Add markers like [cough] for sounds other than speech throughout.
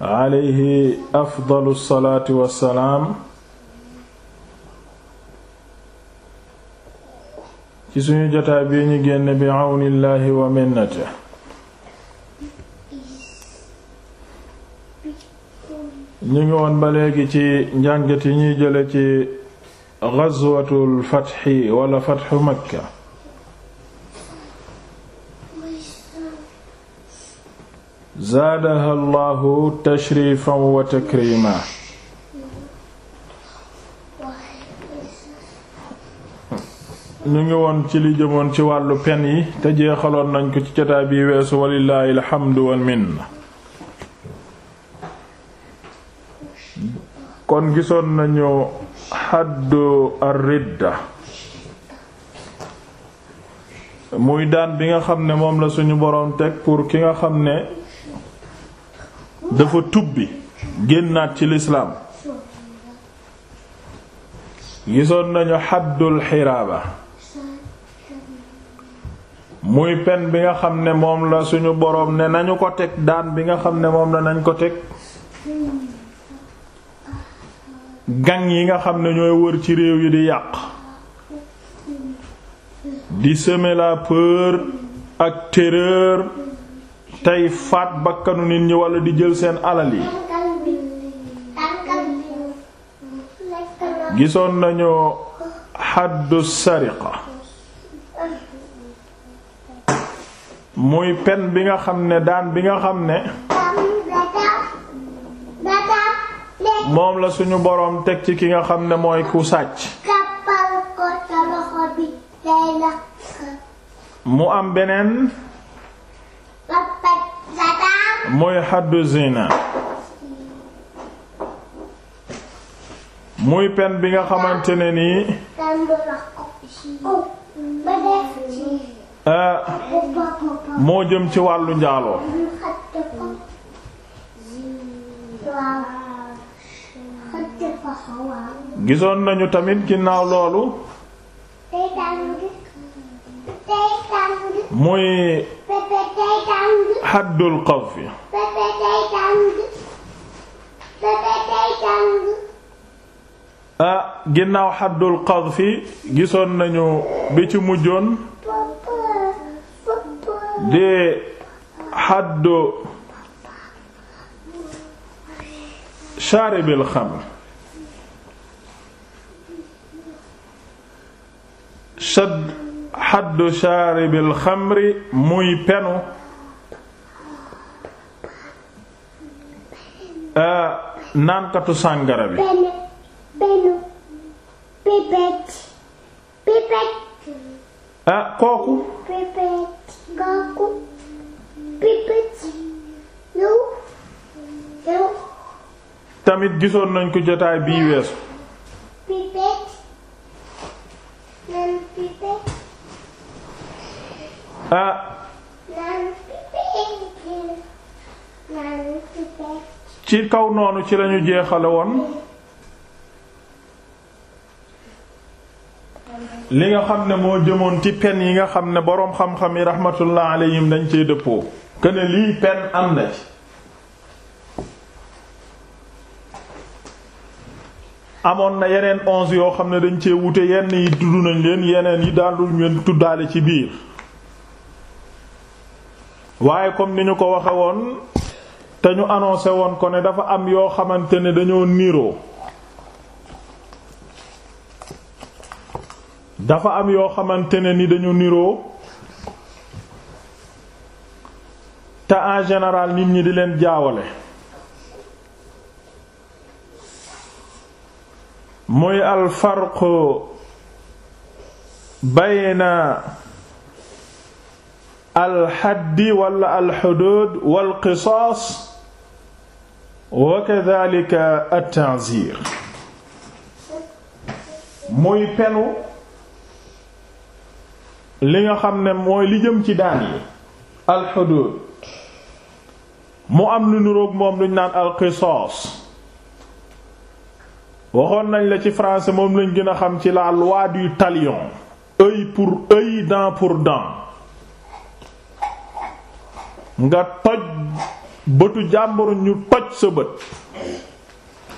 alayhi afdalu salaati wassalaam ci suñu jotaay bi ñu génn bi àwnillaahi wa minnati ñu ngi woon ba léegi ci njàngat yi ñuy jële ci ghazwatul fathi wala fathu makka zaadaha ñu ngi woon ci li jëmoon ci wàllu pen yi te jeexaloon nañ ko ci jotaay bi weesu walilaahi alhamdu wal minna kon gisoon nañu xaddu ar-ridda muy daan bi nga xam ne moom la suñu boroom teg pour ki nga xam ne dafa tubbi génnaat ci lislaam gisoon nañu xaddul xiraaba muy pen bi nga xam ne moom la suñu boroom ne nañu ko teg daan bi nga xam ne moom la nañ ko teg gang yi nga xam ne ñooy wër ci réew yi di yàq di semer la peur ak terreur tey faat bakkanu nit ñi wala di jël seen alal yi gisoon nañu xaddu sariqa muy pen bi nga xam ne daan bi nga xam ne moom la suñu boroom teg ci ki nga xam ne mooy ku sàcc mu am beneen mooy xaddu zina muy pen bi nga xamante ne nii ah, moo jëm ci wàllu njaaloo gisoon nañu tamit ginnaaw loolu muy xaddul qadfi ah ginnaaw xaddul qadfi gisoon nañu bi ci mujjoon di xaddu shaaribil xamr shadd xaddu shaaribil xamri muy penu naankatu sàngara bi kooku tamit gisoon nañ ko jotaay bii weesu Ah. ci kaw noonu ci lañu jeexale woon li nga xam ne moo jëmoon ci pen yi nga xam ne boroom xam-xam yi rahmatullah alayhim dañ cee dëppoo këne lii pen am na ci amoon na yeneen onze yoo xam ne dañ cee wute yenn yi dudd nañ leen yeneen yi daal duñ leen tuddaale ci biir waaye comme ni ñu ko waxe woon te ñu annoncé woon ko ne dafa am yoo xamante ne dañoo niroo dafa am yoo xamante ne ni dañu niroo te en général nit ñi di leen jaawale muy al farq na alxaddi wala alxudud walqisaas wa kadhalika muy penu li nga xam ne mooy li jëm ci daan yi alxudud mu am lu nuroog moom luñ naan alqisaas waxoon nañ la ci français moom lañ gën a xam ci la loi du talion œil pour œil dent pour nga toj bëtu jàmbur ñu toj sa bët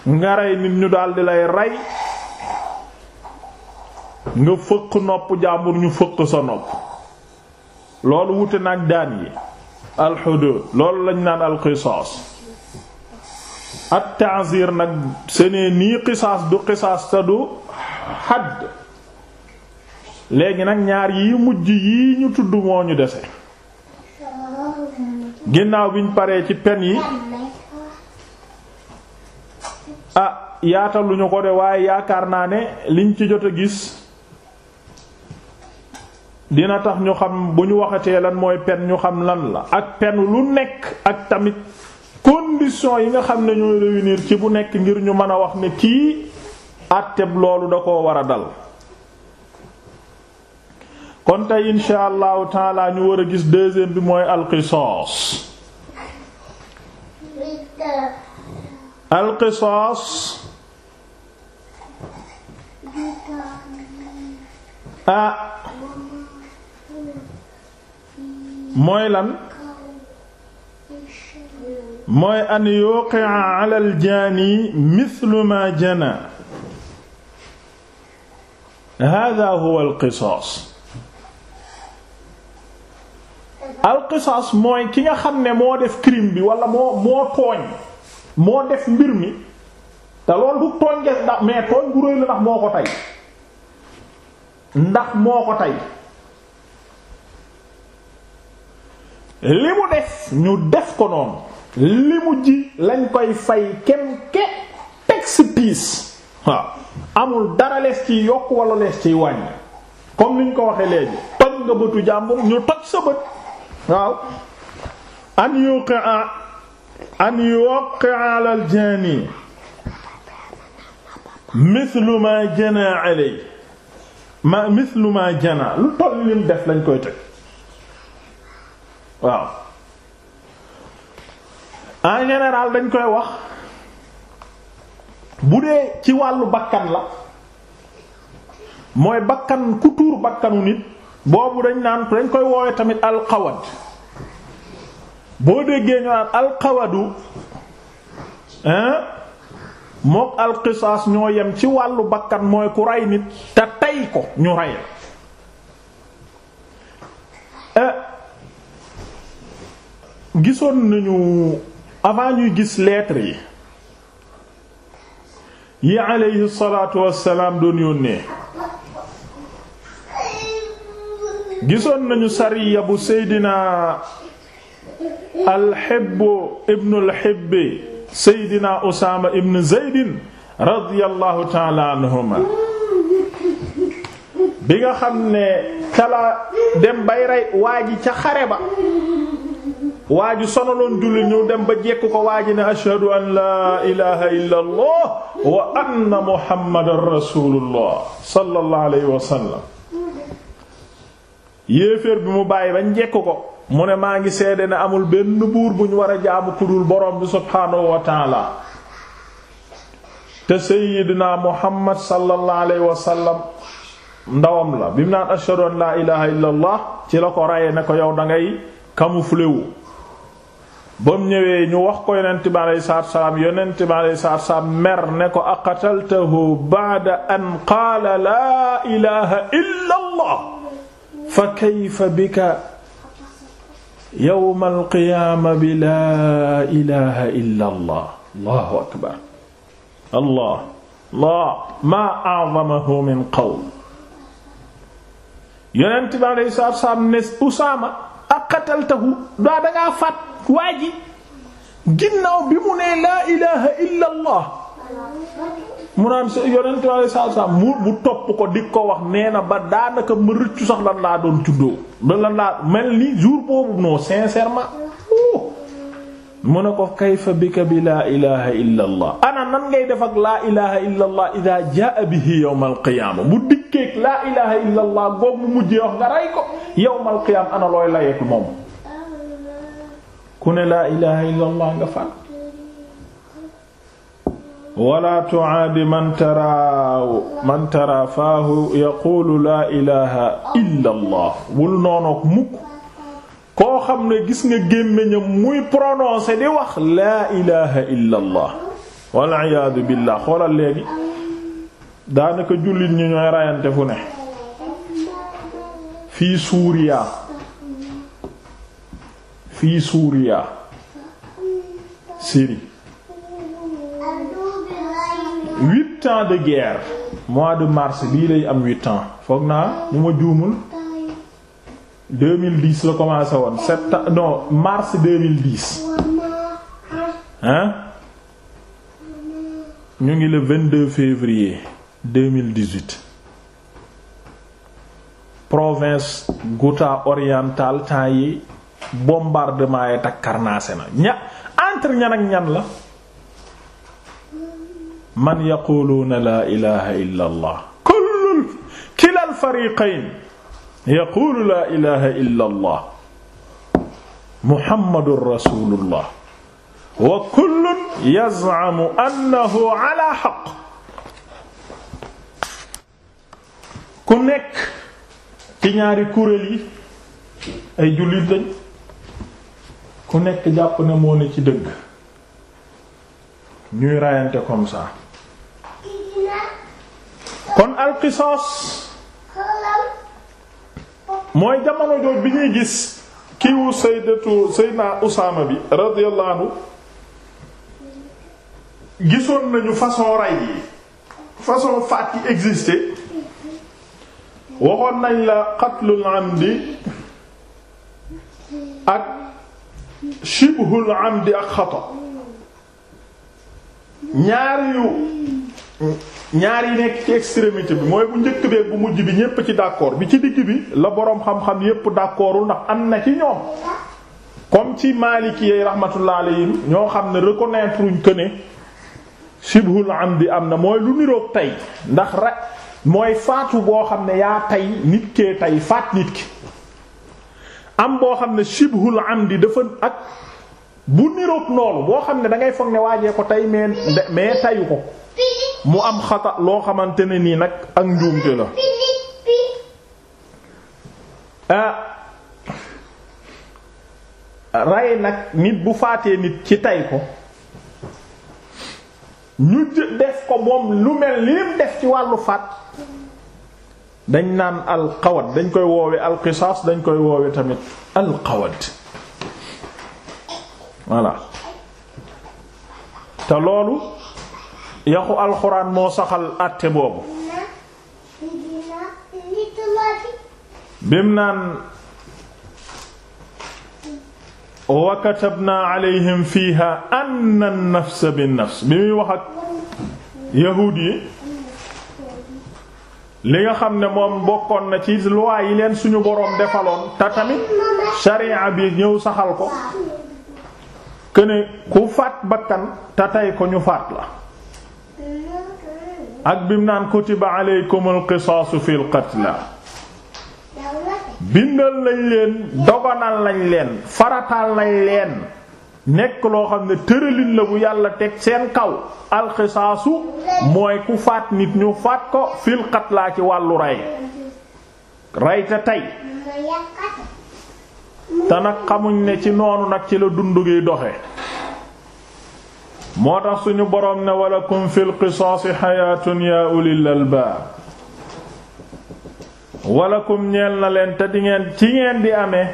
nga rey nit ñu daldi lay rey nga fëq nopp jàmbur ñu fëq sa nopp loolu wute nag daan yi alxuduud loolu lañ naan alqisaas at ta'zir nag senee nii qisaas du qisaas te du xadd léegi nag ñaar yi mujj yii ñu tudd moo ñu dese ginnaaw biñ paree ci pen yi ah yaataluñu ko de waaye yaakaar naa ne liñ ci jot a gis dina tax ñu xam bu ñu waxatee lan mooy pen ñu xam lan la ak pen lu nekk ak tamit condition yi nga xam ne ñooy réunir ci bu nekk ngir ñu mën a wax ne kii àtteb loolu da ko war a dal kon tey insha allahu taala ñu war a gis deuxième bi mooy alqisaas alqisaas ah mooy lan mooy an yuqi'a ala aljaani mithlu ma jana hada huwa alqisaas alqisaas mooy ki nga xam ne moo def crime bi wala moo moo tooñ moo def mbir mi te loolu du tooñ ges ndax mais tooñ bu réy la ndax moo ko tey ndax moo ko tey li mu def ñu def ko noonu li mu ji lañ koy fay kem ke teg si piis waaw amul dara lees ciy yokk walla lees ciy wàññi comme ni ñu ko waxee léegi toj nga bëtu jàmbur ñu toj sa bët waaw an yuqi'a an yuqi'a ala al-jani mithlu ma jana alay ma mithlu ma jana lu toll lim def lañ koy teg waaw en général dañ koy wax bu dee ci wàllu bakkan la mooy bakkan ku tuur bakkanu nit boobu dañ naan dañ koy woowe tamit alxawad boo déggee ñu naan alxawadu mook alxisaas ñoo yem ci wàllu bakkan mooy ku rey nit te tey ko ñu rey eh, gisoon nañu avant ñuy gis lettre yi yi alayhi salaatu wassalaam doon yónnee gisoon nañu sariya bu seydina alxibbu ibnu lxibbi seydina usaama ibnu zeydin radiyallahu taala anhuma bi nga xam ne cala dem bay rey ca xare ba waaji ji sonaloon julli ñu dem ba jekk ko waa ji ne ashhadu an laa ilaha illa allah wa anna muhammadan rasulullah sallallahu alayhi wa sallam yéeféer bi mu bàyyi ba njekk ko mu ne maa ngi seede ne amul benn buur bu ñu war a jaamu kudul borom bi subhaanahu wa taala te sayyidina muhammad sallallahu alayhi wa ndawam la bi mu naan ashhadu laa ilaha illa ci la ko rayee ne ko yow dangay ngay camouflé ba mu ñëwee ñu wax ko yonent bi alayhi salaatu salaam yonent salaam mer ne ko aqataltahu ba'da an qaala laa ilaha illa fa kayfa bika yawmal qiyaama bi laa ilaaha illa allah allahu akbar allah allah maa a'zamahu min qawl yonent bi alayhi salaatu wa salaam ne Usaama aqataltahu daa dangaa faat waa ji ginnaaw bi mu ne laa ilaaha illa allah mu naan sa yonent ko di ko wax nee na ba daanaka ma rëccu sax lan laa doon tuddoo lan laa ni jour boobu non ne ko kayfa bika bi laa ilaha ana nan ngay def ak laa ilaha illa allah ida jaa goog mu mujjee wax nga rey ko yawm alqiyaama ana looy layeek moom ku ne laa ilaha nga fan wala tuaadi man taraaw man tara faahu yaquulu laa ilaha illa allah noonook mukk koo xam ne gis nga gémmiñam muy prononcer di wax laa ilaha illa allah waliyaadu billah xoolal léegi daanaka jullit ñu ñooy rayante fu ne fii suuriya fii suuriya Syrie huit de guerre mois de mars bii lay am huit ans foog naa mu ma juumul 2010 la commencé woon sept non mars 2010 hein ñu ngi le 22 février 2018 province Ghouta orientale temps yi bombardement yi takkarnaase na ña entre ñan ak ñan la man yaquluuna laa ilaha illa allah kullun kila alfariqayn yaqulu laa ilaha illa allah muhammadun rasulullah wa kullun yaz'amu annahu ala haqq ku nekk ci ñaari kuréel yi ay jullit lañ ku nekk jàpp ne moo ne ci dëgg ñuy rayante comme ça kon alqisaas mooy jamono jooj bi ñuy gis kiwu sayyidatu sayyidna Usaama bi radiyallahu gisoon nañu façon rey yi façon faat yi existé waxoon nañ la qatlul amdi ak shibhul amdi ak xata ñaar yu ñaar yi nekk ci extrémité bi mooy bu njëkk bee bu mujj bi ñépp ci d'accord bi ci digg bi la boroom xam-xam yépp d'accordul ndax am na ci ñoom comme ci Maliki yi rahmatullah alayhim ñoo xam ne reconnaître uñ que ne shibhul amdi am na mooy lu niroog tey ndax ra mooy faatu boo xam ne yaa tey nit kee tay faat nit ki am boo xam ne shibhul amdi dafa ak bu niroog noonu boo xam ne dangay ngay foog ne waajee ko tey mais mais tayu ko. mu am xata loo xamante ne nii nag ak njuumte la ah rey nag nit bu faatee nit ci tay ko ñu def ko moom lu mel lim def ci wàllu faat dañ naan alxawat dañ koy woowe alxisaas dañ koy woowe tamit alxawat voilà te loolu yaxu alxuraan moo saxal àtte boobu bim naan wa katabna alayhim fiiha anna an-nafsa bin-nafs bi muy wax ak yahuud yi li nga xam ne moom bokkoon na ci loi yi leen suñu boroom defaloon te tamit sharia bi ñëw saxal ko këne ku faat bakkan te ko ñu faat la ak bim naan kutiba aleykumul qisaasu fil qatla bindal lañ leen doganal lañ leen faratal lañ leen nekk loo xam ne tëralin la bu yàlla teg seen kaw alxisaasu mooy ku faat nit ñu faat ko fil qatlaa ci wàllu rey rey te tey te nag xamuñ ne ci noonu nag ci la dundu gi doxe moo tax suñu boroom ne walakum fil qisaasi xayaatun yaa ulil albaab walakum ñeel na leen te dingeen ci ngeen di amee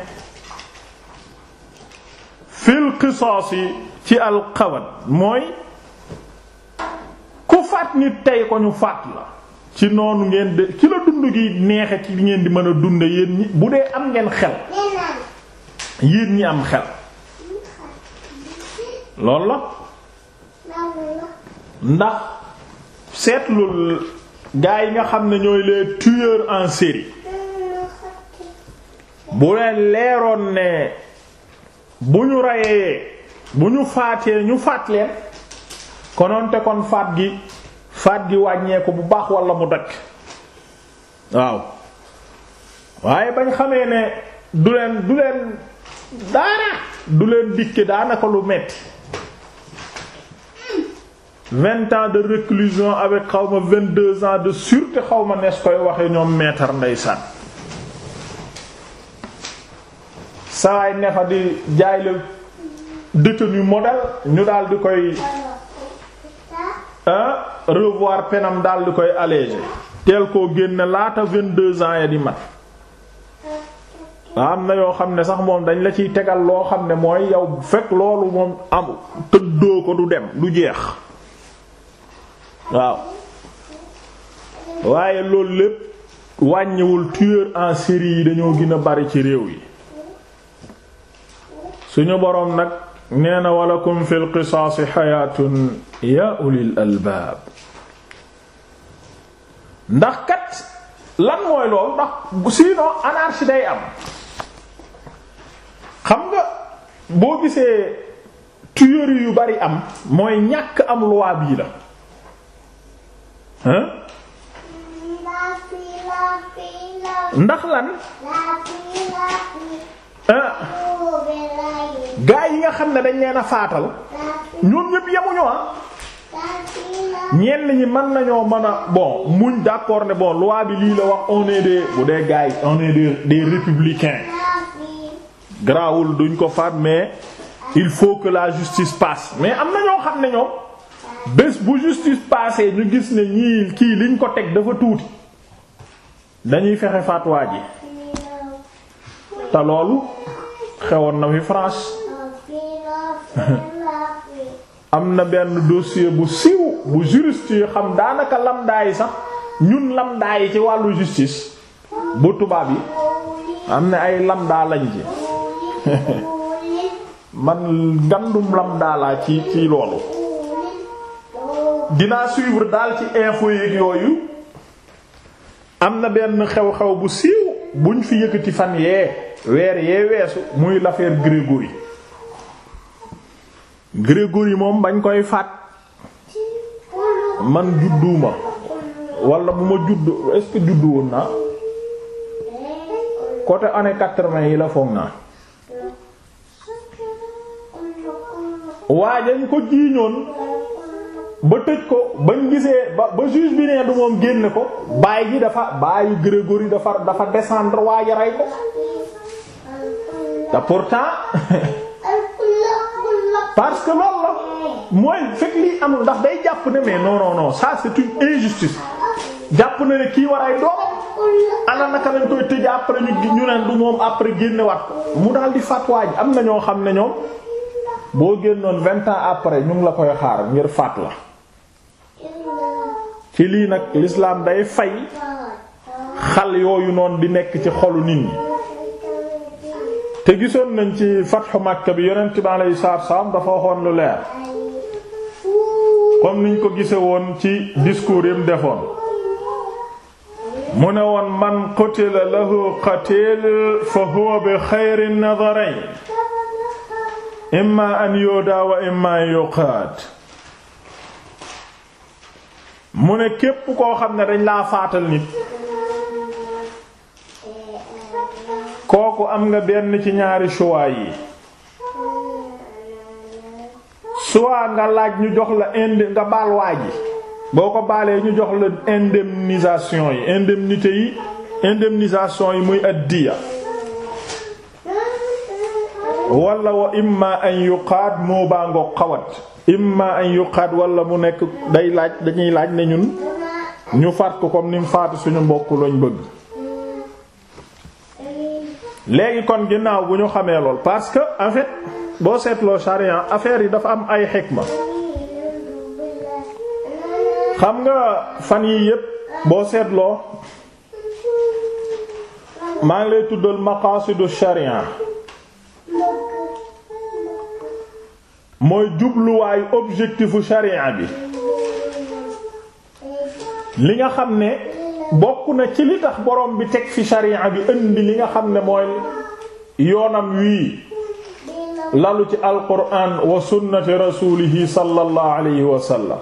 fil qisaasi ci alqawat mooy ku faat nit tey ko ñu faat la ci noonu ngeen de ci la dund gi neexe ci li ngeen di mën a dunde yéen ñi bu dee am ngeen xel yéen ñi am xel loolu la ndax seetlul gaa yi nga xam ne ñooy les tueurs en série bu leen leeroon ne bu ñu reyee bu ñu faatee ñu faat leen kononte kon faat gi faat gi wàññeeku bu baax wala mu dakk waaw waaye bañ xamee ne du leen du leen daara du leen dikke daanaka lu metti vingt ans de réclusion avec xawma vingt-deux ans de sûreté xawma nees koy waxe ñoom maître ndeysaan sawaay ne fa di jaay la détenu ñu daal di koy revoir penam daal di koy alléger teel koo génne laata vingt-deux ans ya di mat waa am na yoo xam ne sax moom dañ la ciy tegal loo xam ne mooy yow bu fekk loolu moom am tëddoo ko du dem du jeex waaw waaye loolu lépp wàññiwul tueur en série yi dañoo gën a bari ci réew yi suñu boroom nag nee na walakum fil qisaasi xayaatun yaa ulil albaab ndax kat lan mooy loolu ndax sinon anarchie day am xam nga boo gisee tuerie yu bari am mooy ñàkk am loi bii la ndax lan gaa yi nga xam ne dañ leen a faatal ñoom ñépp yemuñu ah ñenn ñi mën nañoo mën a bon muñ d'accord ne bon loi bi lii la wax on est des bu dee gaa yi on est des républicains garaawul duñ ko faat mais il faut que la justice passe mais am na ñoo xam ne ñoom. bés bu justice passé ñu gis ne ñii kii liñ ko teg dafa tuuti dañuy fexe fatwa ji te loolu xewoon na fi France [laughs] am na benn dossier bu siiw bu juriste yi xam daanaka lamdaa sax ñun lamdaa ci wàllu justice bu tubaab yi am na ay lamdaa lañ ci [laughs] man ngandum lamdaa ci ci loolu dinaa suivre daal ci info yeeg yooyu am na benn xew-xew bu siiw buñ fi yëkkati fan yee weer yee weesu muy l'affaire Grégory Grégory moom bañ koy faat man judduuma wala bu ma juddu est-ce que juddu woon naa côté année quatre-vingt yi la foog naa waaye dañ ko jiiñoon ba tëj ko bañ gisee ba ba juge bi nee du moom génn ko baay ji dafa baayu Grégory dafa dafa descendre waa ji rey pour te pourtant [laughs] parce que loolu la mooy fekk lii na ndax day jàpp ne mais non non non ça c'est injustice jàpp na ne kii war ay doom ana naka lañ koy tëj après ñu ñu neen du moom après génnewaat ko mu daal di faat waa ji am na ñoo xam ne ñoom boo génnoon vingt ans après ñu ngi la koy xaar ngir faat la. ci lii nag lislaam day fay xal yooyu noonu di nekk ci xolu nit ñi te gisoon nañ ci fatxu Makka bi yonent bi alayhi salaatu saam dafa waxoon lu leer comme niñ ko gise woon ci discours yim defoon mu ne woon man qutila lahu qatil fa huwa xayri nadarayn imma an yuda wa imma yuqaat mu ne képp koo xam ne dañ laa faatal nit kooku am nga benn ci ñaari choix yi soit nga laaj ñu jox la indi ñu jox la indemnisation yi indemnité yi indemnisation yi muy addiya walla wa imma an yuqaad moo baa xawat imma an yuqaat wala mu nekk day laaj dañuy laaj ne ñun ñu faat ko comme ni mu faatu suñu mbokk lañu bëgg léegi kon ginnaaw bu ñu xamee lool parce que en fait boo seetloo charia affaire yi dafa am ay xikma xam nga fan yii yépp boo seetloo maa ngi lay tuddal maqaasidu charia mooy jubluwaayu objectifu sharia bi li nga xam ne bokk na ci li tax borom bi teg fi sharia bi indi li nga xam ne mooy yoonam wii lalu ci alquran wa sunnati rasulihi sallallahu alayhi wa sallam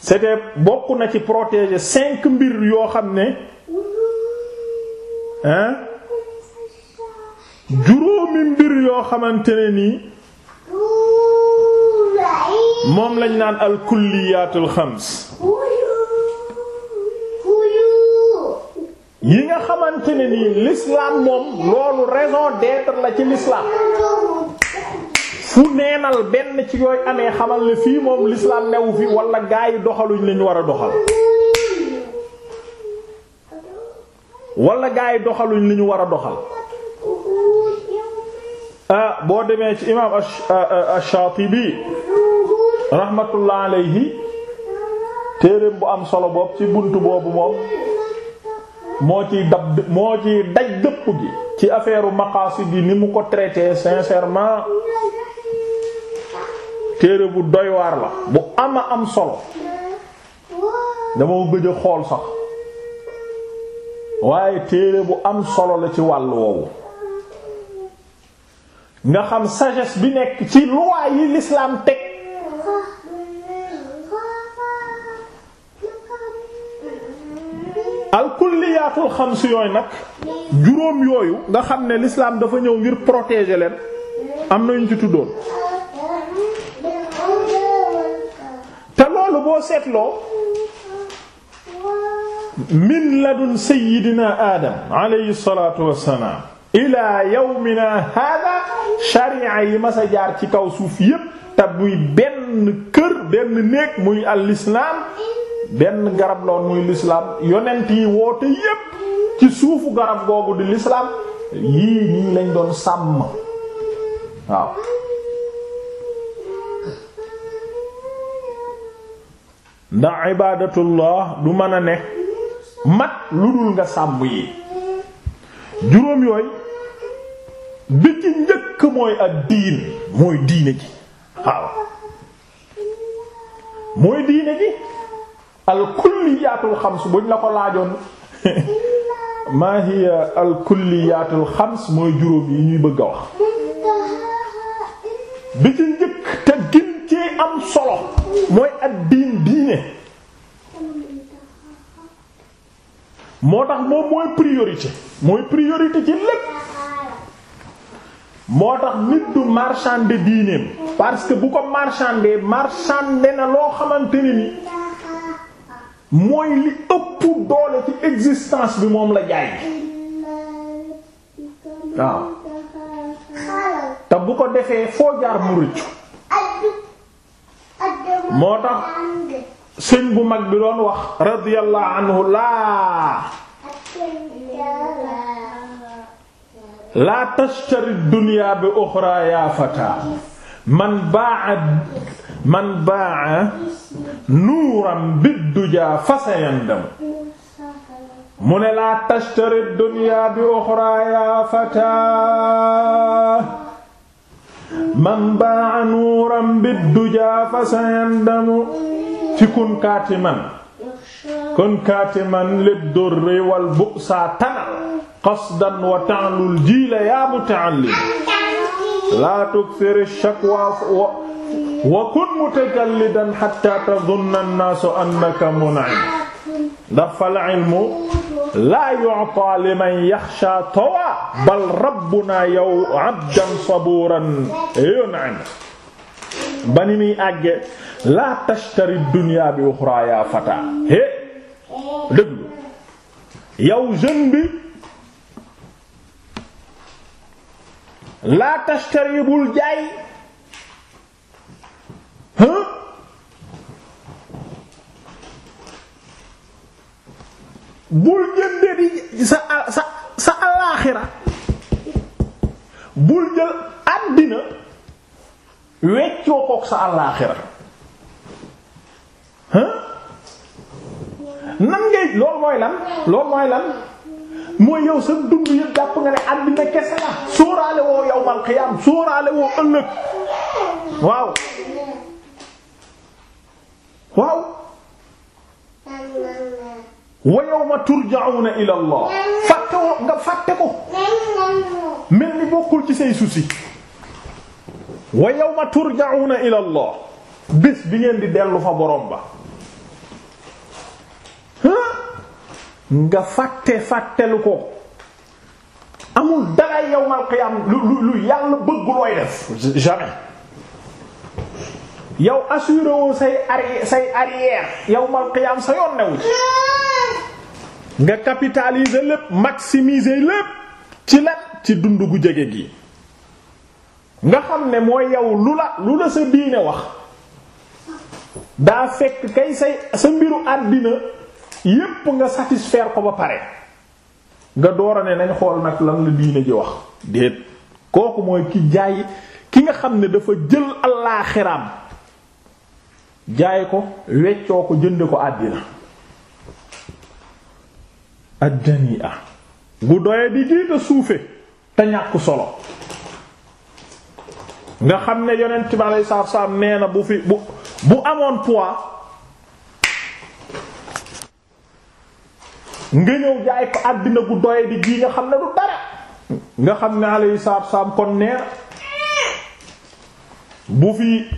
c'était bokk na ci protéger cinq mbir yoo xam ne hein juróomi mbir yoo xamante ne nii moom lañ naan al kulliyaatul xams yi nga xamante ne nii l'islam moom loolu raison la ci l'islam fu neenal benn ci yooy amee xamal ne fii moom l'islam newu fi wala gaa yi doxaluñ lañu war a doxal wala gaa yi doxaluñ li ñu war a doxal ah boo demee ci imaam ah, ah, ash-Shaatibi rahmatullah alayhi téereem bu am solo boobu ci bunt boobu moom moo ciy dab moo ciy daj dëpp gi ci affaire maqaasid yi ni mu ko traité sincèrement téere bu doy waar la bu ama am solo dama gëj xool sax waaye téere bu am solo la ci wàll woowu nga xam sages bi nekk ci loi yi l'islam teg al kulliyaatul xams yooyu nag juróom yooyu nga xam ne l'islam dafa ñëw ngir protéger leen am na ñu ci tuddoon te loolu boo seetloo min ladun sayyidina aadam alayhi salaatu wassalaam ilaa yawmina hada sharia yi mas a jaar ci kaw suuf yépp te muy benn kër benn néeg muy alislaam benn garab loon muy lislaam yonent yi woote yépp ci suufu garab googu di lislaam yii nii lañ doon sàmm waaw ndax ibaadatullah du mën a ne mat lu dul nga sàmm yi juróom yooyu bi ci njëkk mooy ak diin mooy diine ji waaw mooy diine ji al kulliyaatul xams buñ la ko laajoon [laughs] maa hiya al kulliyaatul xams mooy juróom yi ñuy bëgg a wax bi ci njëkk te gin ci am solo mooy ak diine moo tax moom mooy priorité mooy priorité ci lépp moo tax nit du marchander diineem parce que bu ko marchander marchander na loo xamante ni mooy li ëpp doole ci existence bi moom la jaay waaw te bu ko defee foo jaar mu rëccu moo tax sëñ bu mag bi doon wax radiyallahu anhu uxra ya fata man baa'a man baa'a nuuran bidduja fasayandam mu ne laa tashtari dunya bi uxra ya fata man baa'a nuuran bidduja fasayandamu ci kun kaatiman kun kaatiman lid durri wal bu'sa tanal qasdan wa ta'lul jiila yaa muta'allim laa tukthir ash-shakwa wa kun mutajallidan hatta tadhunna an-naasu annaka mun'im ndax fal ilmu laa yu'taa liman yakhsha tawa bal rabbunaa yow abdan sabuuran yun'im ba ni muy àggee laa tashtari dunya bi uxraa yaa fataa hé dëglu yow jeune bi laa tashtari bul jaay hë bul jënde di sa sa sa alaaxira bul jël àddina weccoo kook sa àllaaxira nan ngay loolu mooy lan loolu mooy lan mooy yow sa dund yëpp jàpp nga ne àddina kese la sóoraale woo yawmal qiyaam sóoraale woo ëllëg waaw waaw wa yawma turja'una ila Allah woo nga fàtte ko mel ni bokkul ci say soucis wa yawma turja'una ila Allah bés bi ngeen di dellu fa borom ba nga fàtte fàttelu ko amul dara yawmal qiyaam lu lu yàlla bëgg looy def jamais yow assuré woo say arrière say arrière yawmal sa yoon newu nga capitaliser lépp maximiser lépp ci lan ci dund gu jege gi nga xam ne mooy yow lu la lu la sa diine wax daa fekk kay say sa mbiru àddina yépp nga satisfaire ko ba pare nga doora ne nañ xool nag lan la diine ji wax déet kooku mooy ki jaay ki nga xam ne dafa jël allaaxiraam jaay ko weccoo ko jënd ko àddina addani a gu doye di diita suufe te ñàkk solo nga xam ne yonent bi alayhi salaatu salaam nee na bu fi bu bu amoon poids nga ñëw jaay ko àddina gu doye di ji nga xam ne du dara nga xam ne alayhi salaatu salaam kon nee bu fi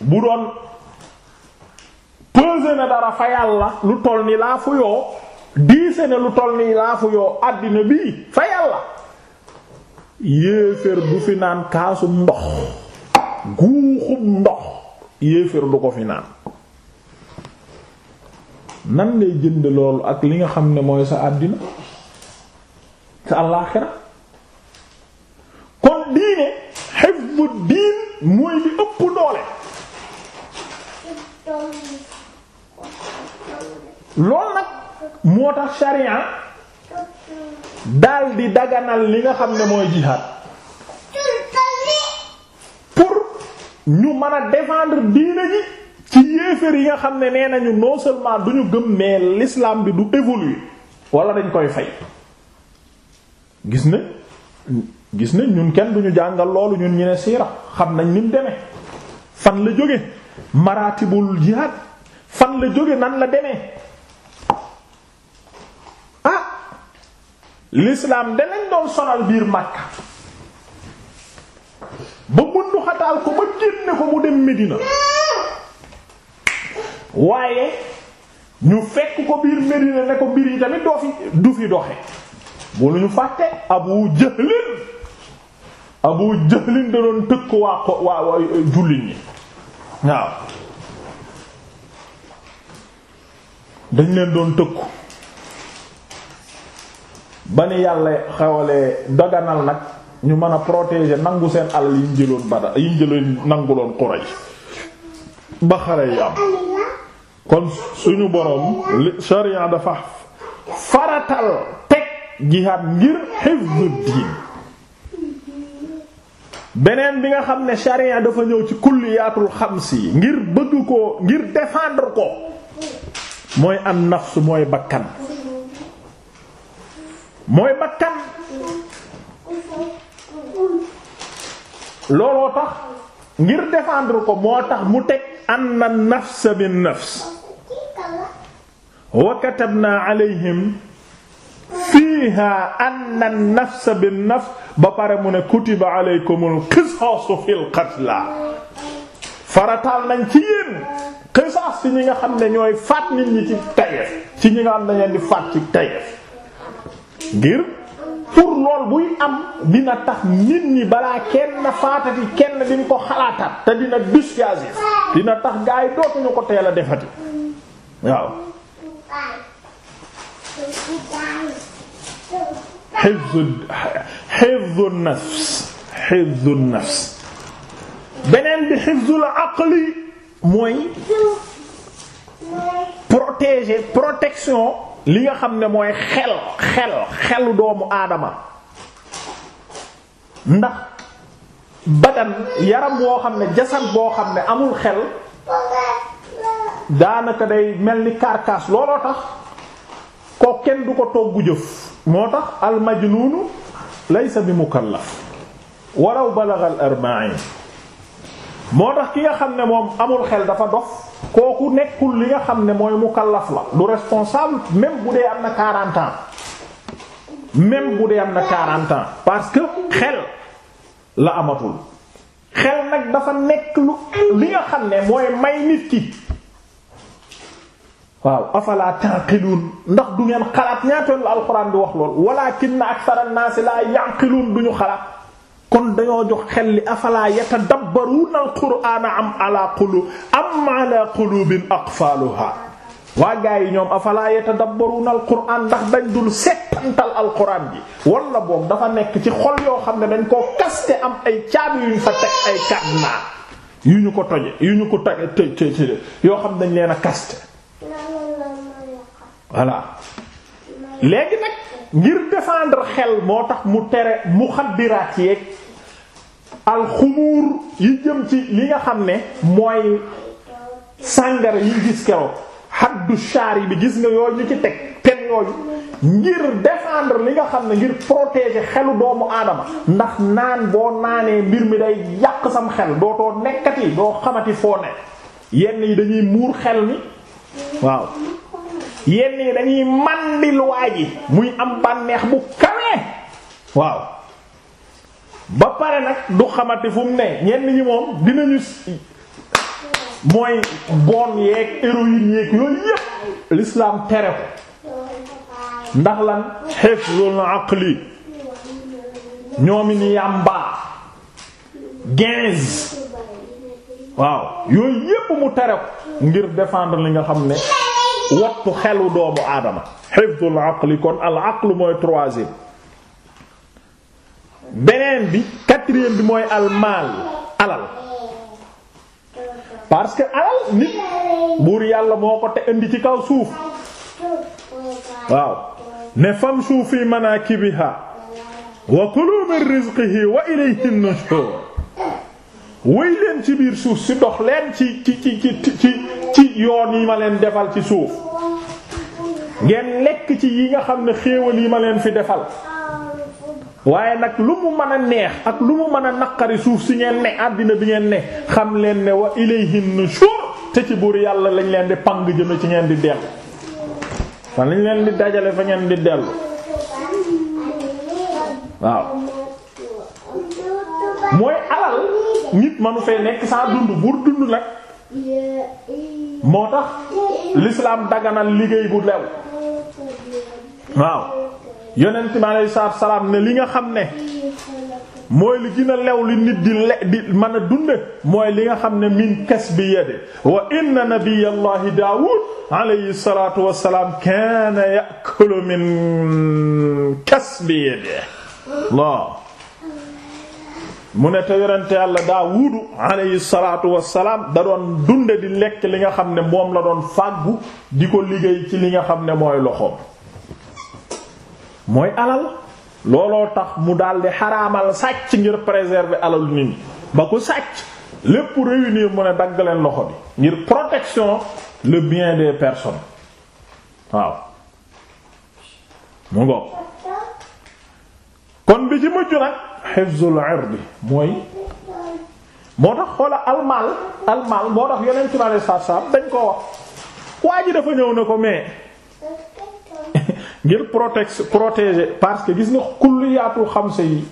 bu doon pesé na dara fa yàlla lu toll ni laa fu yoo diise ne lu toll nii laa fu yoo àddina bii fa yàlla yéeféer bu fi naan kaasu ndox guuxub ndox yéeféer du ko fi naan nan ngay jënd loolu ak li nga xam ne mooy sa àddina sa àllaaxira kon diine hifdu diin mooy li ëpp doole loolu nag moo tax sharia daal di daganal li nga xam ne mooy jihaad ñu mën a défendre diine ji ci yéeféer yi nga xam ne nee nañu non seulement du ñu gëm mais l'islam bi du évoluer wala dañ koy fay gis na gis na ñun kenn du ñu jàngal loolu ñun ñu ne siira xam nañ nim demee fan la jóge maratibul jihad fan la jóge nan la demee ah l'islam danañ doon sonal biir Makka ba bunduxataal ko ba génne ko mu dem Medina waaye ñu fekk ko biir Medina ne ko biir yi tamit doo fi du fi doxe bu lu ñu fàtte Abu Jahlin Abu Jahlin da doon tëkk waa ko waa jullit ñi waaw dañ leen doon tëkku ba ni yàlla xawalee daganal nag ñu mën a protéger nangu seen alal yi ñu jëloon bada yi ñu jëloon nanguloon xura yi ba xare yi am kon suñu boroom li sharia dafa faratal teg jihaad ngir hifdu diin beneen bi nga xam ne sharia dafa ñëw ci kulliyaatul xam si ngir bëgg ko ngir défendre ko mooy an nafs mooy bakkan mooy bakkan looloo tax ngir défendre ko moo tax mu teg anna nafs bin nafs wa katabna alayhim fiiha anna nafs bin nafs ba pare mu ne kutiba alaykumul qisaasu fil qatla farataal nañ ci yéen qisaas ci ñi nga xam ne ñooy faat nit ñi ci tayef ci ñi nga xam ne ñeen faat ci tayef ngir pour lool buy am dina tax nit ñi balaa kenn faatati kenn diñ ko xalaataat te dina dissuasif dina tax gaa yi dootuñu ko teel a defati waaw hifzu hifzu nafs hifzu nafs beneen bi hifzul aqli mooy protéger protection li nga xam ne mooy xel xel xelu doomu aadama ndax badan yaram woo xam ne jasan boo xam ne amul xel daanaka day mel ni carcasse looloo tax ko kenn du ko toggu jëf moo tax al majnunu laysa bi mukallaf walaw balagha al arba'in moo tax ki nga xam ne moom amul xel dafa dox kooku nekkul li nga xam ne mooy mukallaf la du responsable même bu dee am na 40 ans même bu dee am na 40 ans parce que xel la amatul xel nag dafa nekk lu li nga xam ne mooy may nit ki waaw afala taqilun ndax du ngeen xalaat ñaatoon la alxuraan di wax lool walakinna akthara an-nas la yaqilun duñu xalaat kon dañoo jox xel li afala yatadabbaruuna alqur'ana am ala qulub am ala qulubin aqfaluha waa gaa yi ñoom afala yatadabbaruuna alqur'an ndax dañ dul settantal alqur'an bi wala boobu dafa nekk ci xol yoo xam ne dañ koo kaste am ay caabi yuñ fa yu ñu ko toje yu ñu ko toje tëj tëj yoo xam dañ leen a kaste voilà léegi nag ngir défendre xel moo tax mu tere muxaddiraat yeek alxumuur yi jëm ci li nga xam ne mooy sàngara yi gis keroog xaddu shaar yi bi gis nga yooyu ñu ci teg pen yooyu ngir défendre li nga xam ne ngir protéger xelu doomu aadama ndax naan boo naanee mbir mi day yàq sam xel dootoo nekkati doo xamati foo yenn yi dañuy muur xel mi waaw yenn yi dañuy màndil waa ji muy am bànneex bu kamee waaw ba pare nag du xamante fu mu ne ñenn ñi moom dinañu mooy bon yeeg héroïne yeeg yooyu yépp l'islam tere ko ndax lan hifzul aqli ñoomi ni yàmbaa ginz waaw yooyu yépp mu tere ko ngir défendre li nga xam ne wattu xelu doomu aadama hifzul aqli kon al aqlu mooy troisième beneen bi quatrième bi mooy almaal alal parce que alal nit buur yàlla moo ko te indi ci kaw suuf waaw ne famshu fi manakibiha wa kulu min rizqihi wa ilayhi an-nushur wéy leen ci biir suuf si dox leen ci ci ci ci ci yoon yi ma leen defal ci suuf ngeen lekk ci yi nga xam ne xéewal yi ma leen fi defal waaye nag lu mu mën a neex ak lu mu mën a naqari suuf si ngeen ne àddina bi ngeen ne xam leen ne wa ilayhi nushur te ci buur yàlla lañ leen di pang jëme ci ngeen di dellu fa lañ leen di dajale fa ngeen di dellu waaw mooy alal nit manu fee nekk saa dund buur dund nag moo tax l'islam daganal liggéey bu lew waaw yonent mi aleyhi salaatu salaam ne li nga xam ne mooy li gën a lew li nit di le di mën a dunde mooy li nga xam ne min kasbi yadi wa inna nabiyallahi daawud alayhi salaatu wassalaam kaana yakulu min kasbi yadi la mu ne te yonente yàlla daawudu alayhi salaatu wassalaam da doon dunde di lekk li nga xam ne moom la doon fàggu di ko liggéey ci li nga xam ne mooy loxoom mooy alal looloo tax mu daldi xaraamal sàcc ngir préserver alal nit ñi ba ku sàcc lépp réunir mu ne dagg leen loxo bi ngir protection le bien des personnes waaw mu ngoog kon bi ci mujj nag hifzul irdi mooy moo tax xoola almal almal moo tax yeneen ci ma ne saab dañ ko wax waa ji dafa ñëw ne ko mais ngir protex protéger parce que gis nga kulliyaatu xamsa yi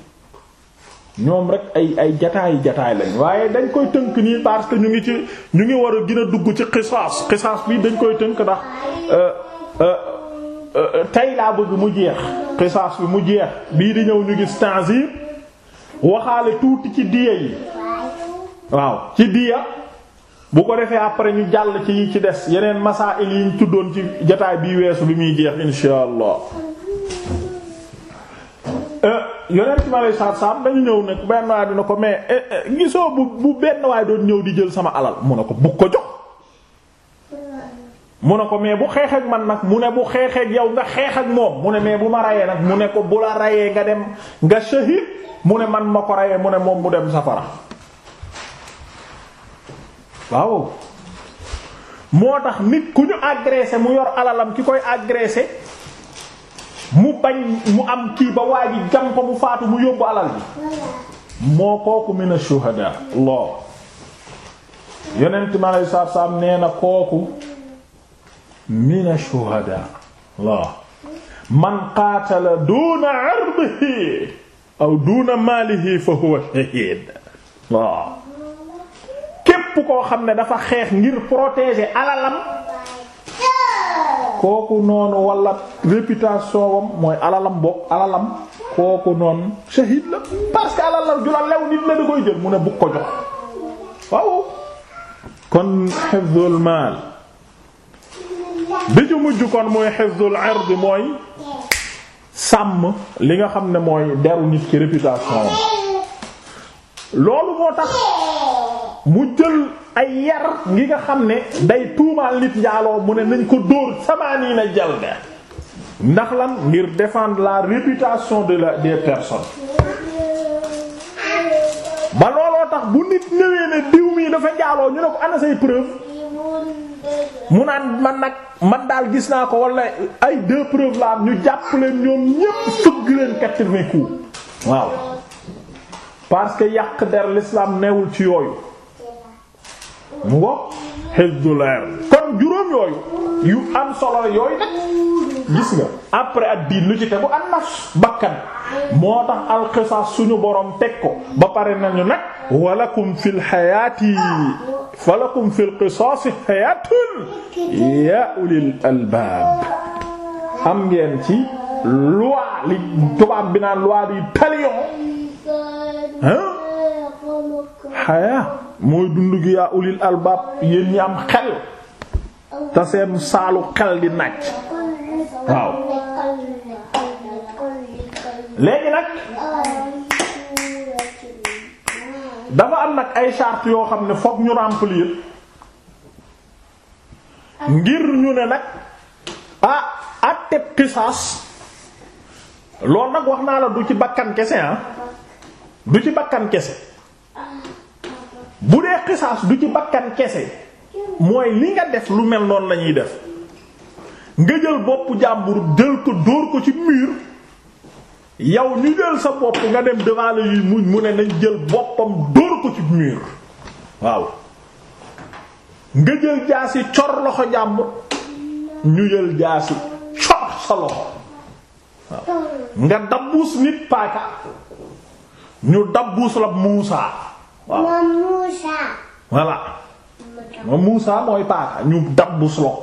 ñoom rek ay ay jataay jataay lañ waaye dañ koy tënk nii parce que ñu ngi ci ñu ngi war a gën a dugg ci xisaas xisaas bii dañ koy tënk ndax euh, euh, euh, tey laa bëgg mu jeex xisaas bi mu jeex bii di ñëw ñu gis tanzir waxaale tuuti ci diya yi waaw ci diya bu ko defee après ñu jàll ci yi ci des yeneen masaa'il yi ñu tuddoon ci jotaay bii weesu bi muy jeex insha allah euh, yonent mi aleyhi salaatu dañu ñëw nag benn waay dina ko mais euh, euh, gisoo bu bu benn waay doon ñëw di jël sama alal mu ne ko bu ko jox mu ne ko mais bu xeex ak man nag mu ne bu xeexeek yow nga xeex ak moom mu ne mais bu ma rayee nag mu ne ko bu la rayee nga dem nga shahid mu ne man ma ko rayee mu ne moom mu dem safara waaw moo tax nit ku ñu agressé mu yor alalam ki koy agressé mu bañ mu am kii ba waa ji jam ko mu faatu mu yóbbu alal bi moo kooku mina shuhada Allah yonent mi aleyhi salaatu wa salaam nee na kooku mina shuhada Allah man qaatala duuna irdihi aw duuna maalihi fa huwa shahiid Allah képp koo xam ne dafa xeex ngir protéger alalam kooku noonu wala réputation wam mooy alalam bokk alalam kooku noonu shahid la parce que alalam ju la lew nit la da koy jël mu ne bu ko jox waaw kon hifdhul mal bi ju mujj kon mooy hifdhul ard mooy sàmm li nga xam ne mooy deru nit ki réputation wam loolu moo tax mu jël ay yar ngi nga xam ne day tuumaal nit njaaloo mu ne nañ ko dóor samaaniina jalda ndax lan ngir defande la réputation de la des personnes ba looloo tax bu nit ñëwee ne diw mii dafa njaaloo ñu ne ko ana say preuve mu naan man nag man daal gis naa ko wala ay deux preuves la ñu jàpp leen ñoom ñépp fëgg leen quatre-vingts waaw parce que yàq der l'islam neewul ci yooyu mu ngo hifdul kon juróom yooyu yu am solo yooyu nag gis après ak lu ci tegu an nafs bakkan moo tax alxisas suñu borom teg ko ba pare nañu nag walakum fil xayaati falakum fil qisaasi xayaatun yaa albaab am ngeen ci li tubaab bi naan loi di talion xayaa mooy dund gi yaa ulil albaab yéen ñi am xel te seen saalu xel di nàcc waaw léegi nag dafa am nag ay charte yoo xam ne fokk ñu remplir ngir ñu ne nag ah àtteb qisaas loolu nag wax naa la du ci bakkan kese ah, du ci bakkan kese bu dee xisaas du ci bakkan kese mooy li nga def lu mel noonu lañuy def nga jël boppu jàmbur jël ko dóor ko ci mur yow ñu jël sa bopp nga dem devant yi juge mu ne nañ jël boppam dóor ko ci mur waaw nga jël jaasi cor loxo jàmbur ñu jël jaasi cor sa loxo nga dabbuus nit paaka ñu dabbu sulab Muusa waaw voilà moom Muusa mooy paaka ñu dabbu sulab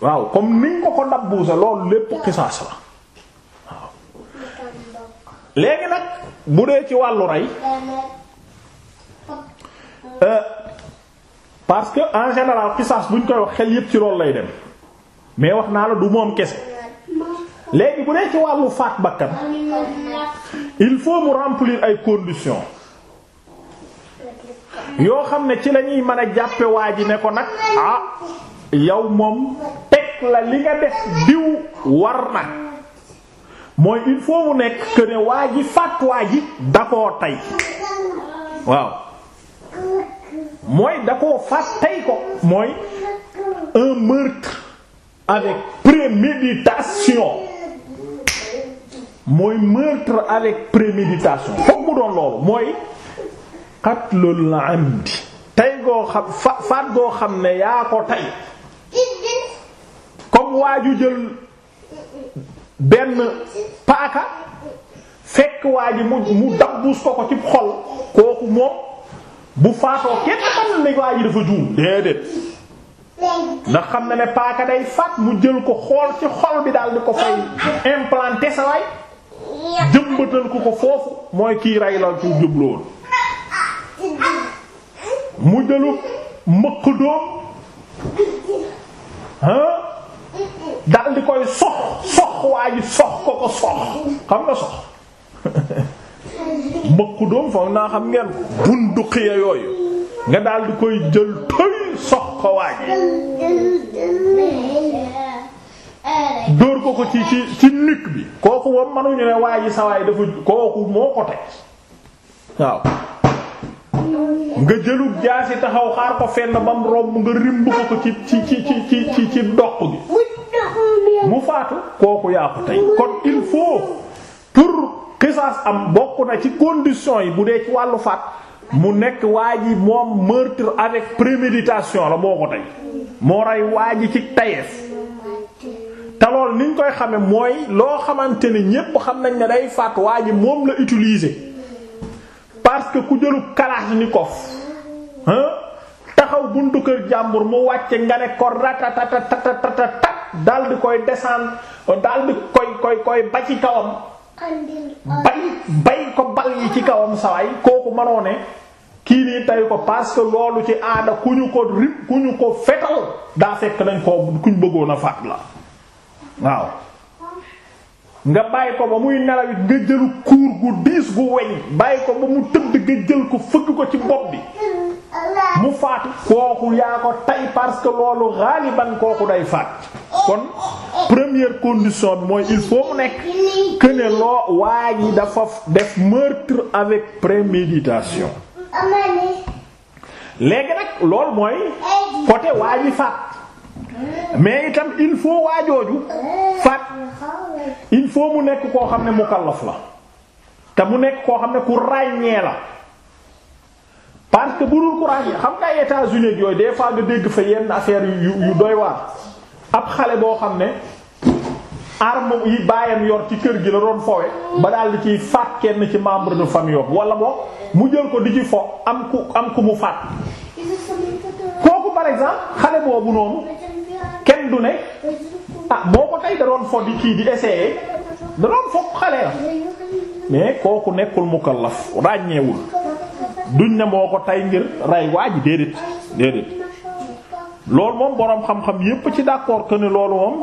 waaw comme niñ ko ko dabbu loolu lépp xisaas la waaw léegi nag bu dee ci wàllu rey euh, parce que en général xisaas buñ koy wax xel yépp ci loolu lay dem mais wax naa la du moom kese léegi bu dee ci wàllu faat bakkan il faut mu remplir ay conditions yoo xam ne ci lañuy ñuy mën a jàppe waa ji ne ko nag ah yow moom teg la li nga def diw war na mooy il faut mu nekk que waa ji fàtt waa ji da koo tey waaw mooy da koo fàtt tey ko mooy un meurtre avec préméditation mooy meurtre avec préméditation foog mu doon loolu mooy qatlul amdi tey goo xam faat goo xam ne yaa ko tey comme waa ju jël benn paaka fekk waa ji mu mu dabbuus ko ko ci xol kooku moom bu faatoo kenn xam ne waa dafa juum déedéet ndax xam na ne paaka day faat mu jël ko xool ci xol bi daal di ko fay implanter sa waay jëmbatal ku ko foofu mooy kii rey la ku jubloon mu jëlu mëq doom daldi koy sox sox waa ji sox ko ko sox xam nga sox [laughs] mëq doom foog naa xam ngeen bundu xiya yooyu nga dal koy jël tëy sox ko waa ji dóor ko ko ci ci ci nuque bi kooku moom manuñu ne waaye sawaay dafa kooku moo ko teg waaw nga jëlub jaasi taxaw xaar ko fenn ba mu romb nga rimb ko ko ci ci ci ci ci ci doq gi mu faatu kooku yaa ko tey kon il faut pour xisaas am bokk na ci condition yi bu dee ci wàllu faat mu nekk waa yi moom meurtre avec préméditation la moo ko tey moo rey waa ji ci tayeef te lool niñ koy xame mooy loo xamante ne ñépp xam nañ ne day faat waa ji moom la utiliser parce que ku jëlu kalachnikov taxaw buntu kër jàmbur mu wàcce nga ne ko ratatatatatatatat dal di koy descendre dal di koy koy koy ba ci kawam bay bay ko bal yi ci kawam saway kooku mënoo kii nii tay ko parce que loolu ci aada ku ñu ko rib ku ñu ko fetal daa fekk nañ ko kuñ bëggoon a faat la waaw nga bàyyi ko ba muy nelawit nga jëlu kuur gu diis gu weñ bàyyi ko ba mu tëdd nga jël ko fëgg ko ci bopp bi mu faatu kooku yaa ko tay parce que loolu xaaliban kooku day faat kon première condition mooy il faut mu nekk que ne loo waa ji dafa def meurtre avec préméditation léegi nag loolu mooy côté waa ji faat mais itam il faut waajooju faat il faut mu nekk koo xam ne mukallaf la te mu nekk koo xam ne ku ràññee la parce que bu dul ku ràññee xam nga ay États-Unis yooyu des fois nga dégg fa yenn affaire yu yu doy waar ab xale boo xam ne arme yi bàyyam yor ci kër gi la doon fowe ba daal di ciy faat kenn ci membre de famille yoon wala boo mu jël ko di ci fo am ku am ku mu faat uh, kooku par exemple xale boobu noonu kenn du ne ah boo ko tey da doon fo di kii di essayer da doon fo xale la mais kooku nekkul mukallaf ràññeewul duñ ne moo ko tay ngir rey waa ji déedéet déedéet loolu moom boroom xam-xam yépp ci d'accord que ni loolu moom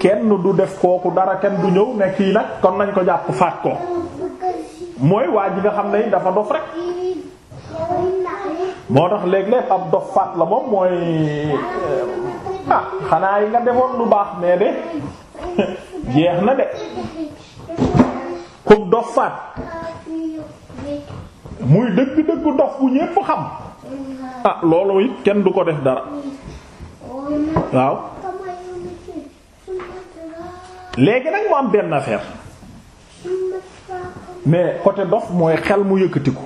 kenn du def kooku dara kenn du ñëw nekk kii nag kon nañ ko jàpp faat ko mooy waa ji nga xam ne dafa dof rek moo tax léeg-léeg ab dof faat la moom mooy ah xanaa yi nga defoon lu baax mais de jeex na de kub dof faat muy dëgg dëgg dof bu ñépp xam ah loolu it kenn du ko def dara waaw léegi nag mu am benn affaire mais côté dox mooy xel mu yëkkatiku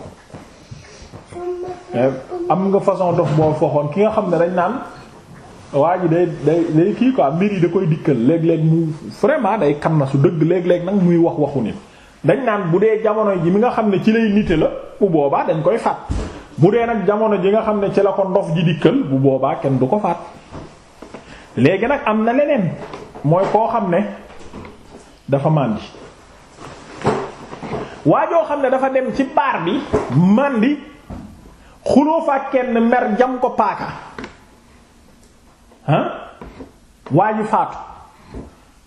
eh, am nga façon dox boo foxoon ki nga xam ne dañ naan waa ji day day day kii quoi mbir yi da koy dikkal léeg-léeg mu vraiment day kan na su dëgg léeg-léeg nag muy wax waxu nit dañ naan bu dee jamono ji mi nga xam ne ci lay nite la bu boobaa dañ koy faat bu dee nag jamono ji nga xam ne ci la ko ndof ji dikkal bu boobaa kenn du ko faat léegi nag am na leneen mooy koo xam ne dafa màndi waa joo xam ne dafa dem ci baar bi màndi xuloo fa kenn mer jam ko paaka ah waa ji faatu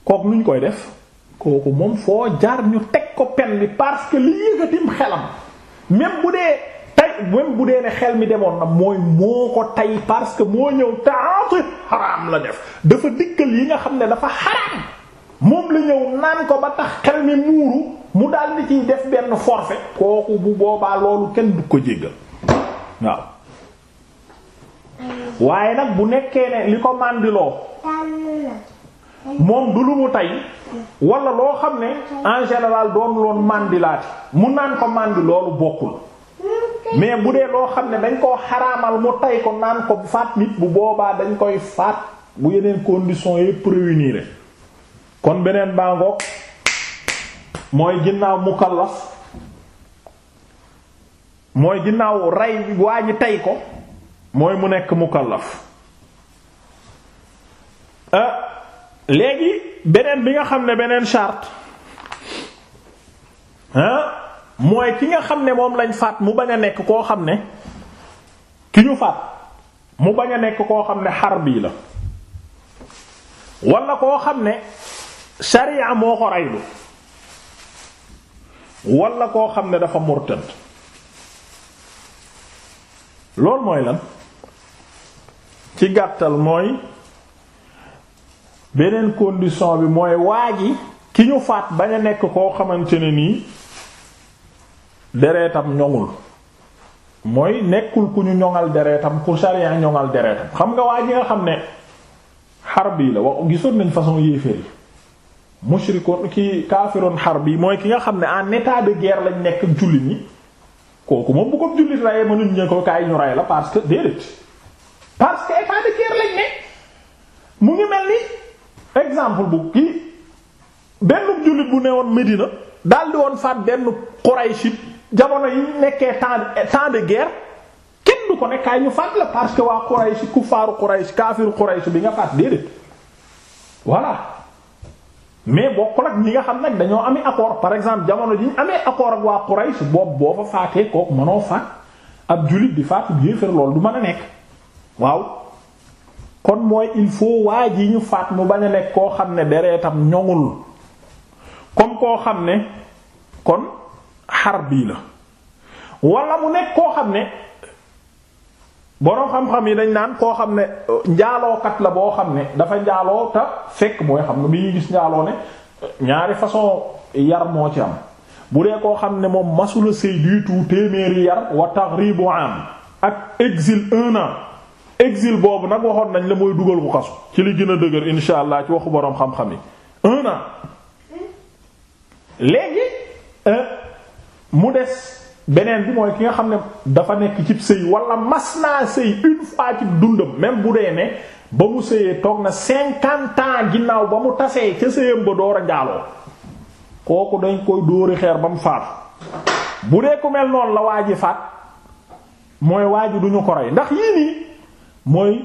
kooku nuñ koy def kooku moom foo jaar ñu teg ko pen bi parce que li yëgatim xelam même bu dee tey même bu dee ne xel mi demoon na mooy moo ko tey parce que moo ñëw taati xaraam la def dafa dikkal yi nga xam ne dafa xaraam moom la ñëw naan ko ba tax xel mi muuru mu daal di ciy def benn forfait kooku bu boobaa loolu kenn dug ko jéggal waaw waaye nag bu nekkee ne li ko màndiloo moom du lu mu tey wala loo xam ne en général doon loon màndilaati mun naan ko màndi loolu bokkul mais bu dee loo xam ne dañ koo xaramal mu tey ko naan ko faat nit bu boobaa dañ koy faat bu yeneen condition yépp réunir kon beneen bàngook mooy ginnaaw mukallaf mooy ginnaaw rey waa ji tey ko mooy mu nekk mukallaf ah, léegi beneen bi nga xam ne beneen chart ah mooy ki nga xam ne moom lañ faat mu bañ a nekk koo xam ne ki ñu faat mu bañ a nekk koo xam ne xar bii la walla koo xam ne sharia moo ko reylu walla koo xam ne dafa murtad loolu mooy lan ci gàttal mooy beneen condition bi mooy waa ji ki ñu faat bañ a nekk koo xamante ne nii deretam ñoŋul mooy nekkul ku ñu ñoŋal deretam ku sharia ñoŋal deretam xam nga waa yi nga xam ne xar bii la wax gisoon nañ façon yéeféer yi mushrikoon ki kaafiroon bii mooy ki nga xam ne en état de guerre lañ nekk jullit ñi kooku moom bu ko jullit rayee mënuñ ñe ko kaay ñu ray la parce déedéet parce que état de guerre lañ ne mu ngi mel ni exemple bu kii benn jullit bu ne woon Medina daal di woon faat benn Quraysh jamono yi nekkee temps temps de guerre kenn du ko ne ñu faat la parce que waa Quraysh kuffaaru Quraysh kaafiru Quraysh bi nga faat déedéet voilà mais bokkul ak ñi nga xam nag dañoo amee accord par exemple jamono ji ñu amee accord ak waa Quraysh boobu boo fa faatee kook mënoo faat ab jullit di faatu yéefar loolu du mën a nekk. waaw kon mooy il faut waa ji ñu faat mu bañ a nekk koo xam ne deretam ñoŋul comme koo xam ne kon xar bii la wala mu nekk koo xam ne boroom xam-xam yi dañ naan koo xam ne euh, njaalookat la boo xam ne dafa njaaloota te fekk mooy xam ne bi ñuy gis njaaloo ne euh, ñaari façon yar moo ci am bu dee koo xam ne moom masula sëy du tout téeméeri yar wa taghribu am ak exil un an exil boobu nag waxoon nañ la mooy dugal ku kasu ci li gën a dëgër insha allah ci waxu boroom xam-xam yi un an léegi euh, mu des beneen bi mooy ki nga xam ne dafa nekk cib sëy wala mas naa sëy une fois ci dundam même bu dee ne ba mu sëyee toog na cinquante ans ginnaaw ba mu tasee ca sëyam ba door a njaaloo kooku dañ koy dóori xeer ba mu faatu bu dee ku mel noonu la waa ji faat mooy waa ji duñu ko rey ndax yii nii mooy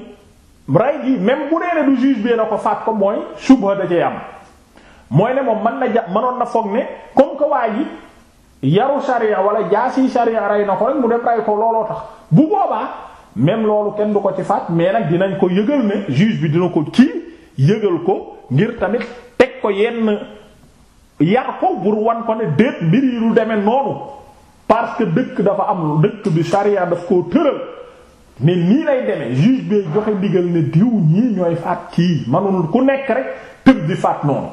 ray gi même bu dee ne du juge bi na ko faat ko mooy suba da am mooy ne moom mën na ja mënoon na foog ne comme que waa yaru sharia wala jaasi sharia rey na ko rek mu dem rey ko looloo tax bu boobaa même loolu kenn du ko ci faat mais nag dinañ ko yëgal ne juge bi dina ko ci yëgal ko ngir tamit teg ko yenn yar ko bur wan ko ne déet mbir yi lu demee noonu parce que dëkk dafa am dëkk bi sharia daf ko tëral. mais nii lay demee juge bee joxe ndigal ne diw ñii ñooy faat kii manul ku nekk rek tëb di faat noonu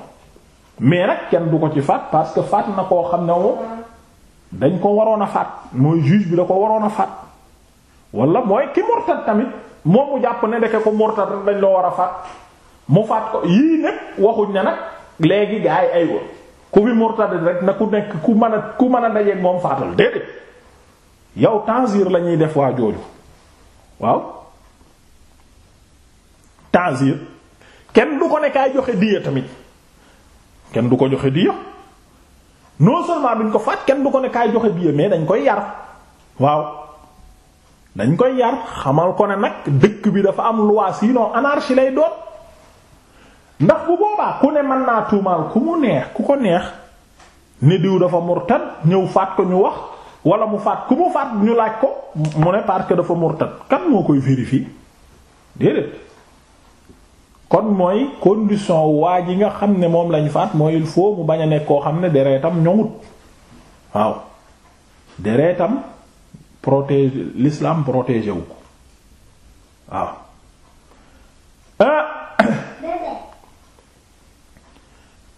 mais nag kenn du ko ci faat parce que faat na koo xam ne woo dañ ko waroon a faat mooy juge bi da ko waroon a faat wala mooy ki murtad tamit moom mu jàpp ne ndeke ko murtad rek dañ loo war a faat mu faat ko yii nag waxuñ ne nag léegi gaa yi ay ku fi murtad rek na ku nekk ku mën a ku mën a dajeeg moom faatal déedéet yow tanzir la ñuy def waa jooju. waaw ta'zir kenn du ko ne kaay joxe diya tamit kenn du ko joxe diya non seulement duñ ko faat kenn du ko ne kaay joxe diya mais dañ koy yar waaw dañ koy yar xamal ko ne nag dëkk bi dafa am loi sinon anarchie lay doon ndax bu boobaa ku ne mën naa tuumaal ku mu neex ku ko neex ne diw dafa murtad ñëw faat ko ñu wax wala mu faat ku mu faat ñu laaj ko mu ne parce dafa murtad kan moo koy vérifier déedéet kon mooy condition waa ji nga xam ne moom lañ faat mooy il faut mu bañ a nekk koo xam ne deretam ñoŋut waaw deretam protège l'islam protégé wu ko waaw ah.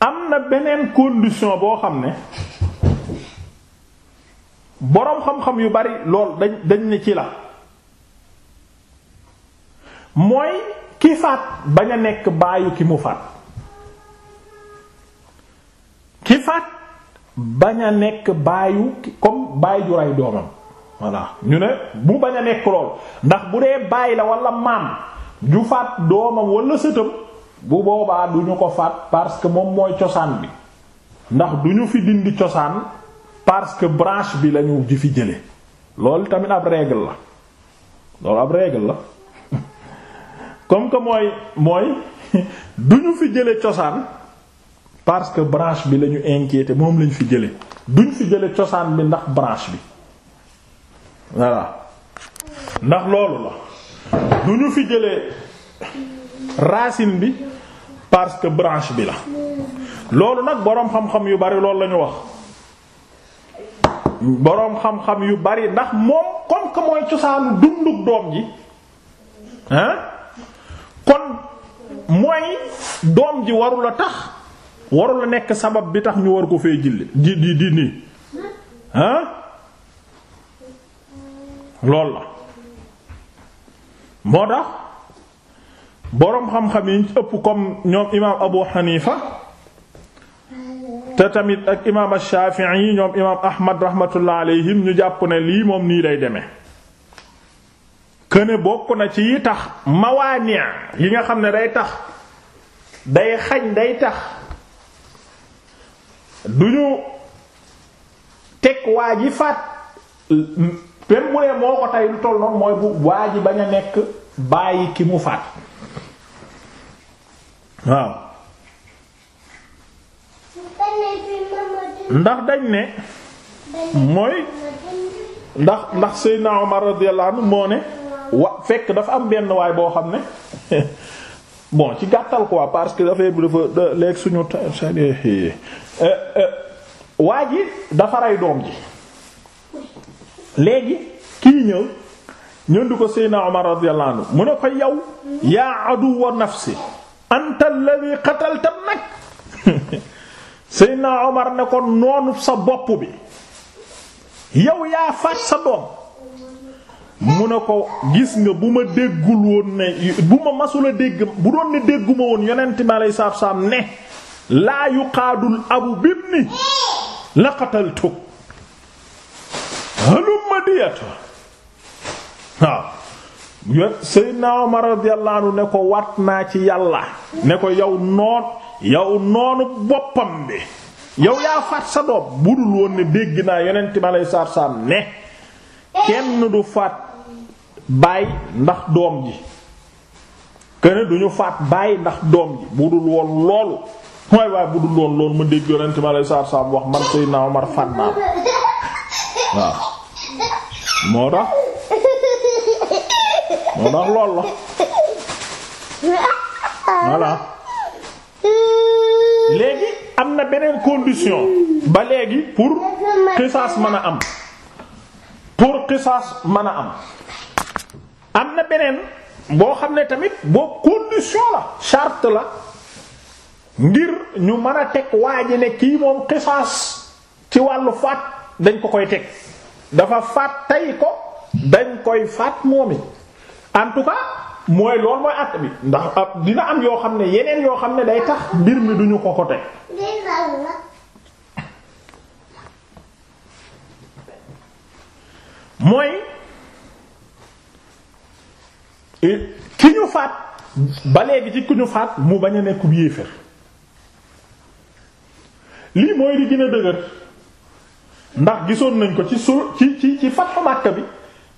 am na beneen condition boo xam ne boroom xam-xam yu bari lool dañ dañ ne ci la mooy ki faat bañ a nekk baayu ki mu faat ki faat bañ a nekk baayu comme baay ju rey doomam voilà ñu ne bu bañ a nekk lool ndax bu dee baay la walla maam ju faat doomam walla sëtam bu boobaa du ko faat parce que moom mooy cosaan bi ndax du ñu fi dindi cosaan parce que branche bi lañu di fi jële loolu tamit ab règle la loolu ab règle la [laughs] comme que mooy mooy [laughs] du ñu fi jële cosaan parce que branche bi lañu ñu inquiété moom lañu fi jële duñ fi jële cosaan bi ndax branche bi voilà ndax loolu la du ñu fi jële racine bi parce que branche bi la loolu nag boroom xam-xam yu bari loolu lañu wax boroom xam-xam yu bari ndax moom comme que mooy cosaanu dunduk doom ji ah kon mooy doom ji warula tax warula nekk sabab bi tax ñu war ko fee jille di di di nii ah lool la moo tax boroom xam-xam yi ëpp comme ñoom imaam Abu Hanifa te tamit ak imaam Shaafi'i ñoom imaam Ahmad rahmatullah alayhim ñu jàpp ne lii moom nii lay deme këne bokk na ci yi tax mawaani yi nga xam ne day tax day xañ day tax duñu teg waa ji faat même moo ko toll mooy bu waa bañ a nekk bàyyi ki mu faat waaw. ndax dañ ne mooy ndax ndax Seydina Omar radiyallahu anhu moo ne wa fekk dafa am benn waay boo xam ne [laughs] bon ci gàttal quoi parce que affaire bi dafa léegi suñu eh, eh, eh, waa ji dafa rey doom ji léegi kii ñëw ñëw di ko Seydina Omar radiyallahu anhu mu ne ko yow yaa aduwwa nafsi anta alladhi qatalta nag [laughs] Seydina Omar ne ko noonu sa bopp bi yow yaa faat sa doom mu ne ko gis nga bu ma déggul woon ne bu ma masula dégg bu doon ne dégguma woon yonent mi aleyhi salaatu salaam ne laa yuqaadul abu bibni la qataltu halumma diyata waaw Seydina Omar radiyallahu anhu ne ko wat naa ci yàlla ne ko yow noot yow noonu boppam bi yow yaa faat sa doom budul woon ne dégg naa yonent ma lay saar saam ne kenn du faat baay ndax doom ji kenn duñu faat baay ndax doom ji budul woon loolu mooy waaye budul woon loolu ma dégg yonent ma lay saar saam wax man Seydina Omar faat naa moo tax moo tax loolu la voilà léegi am na beneen condition ba léegi pour xisaas mën a am pour xisaas mën a am am na beneen boo xam ne tamit boo condition la charte la ngir ñu mën a teg waa ji ne kii moom xisaas ci wàllu faat dañ ko koy teg dafa faat tay ko dañ koy faat moom it en mooy loolu mooy àtt bi ndax ab dina am yoo xam ne yeneen yoo xam ne day tax mbir mi duñu ko ko teg mooy eh, ki ñu faat ba léegi ci ku ñu faat mu bañ a nekku bu yéeféer lii mooy di gën dëgër ndax gisoon nañ ko ci sul ci ci ci Fathu Makka bi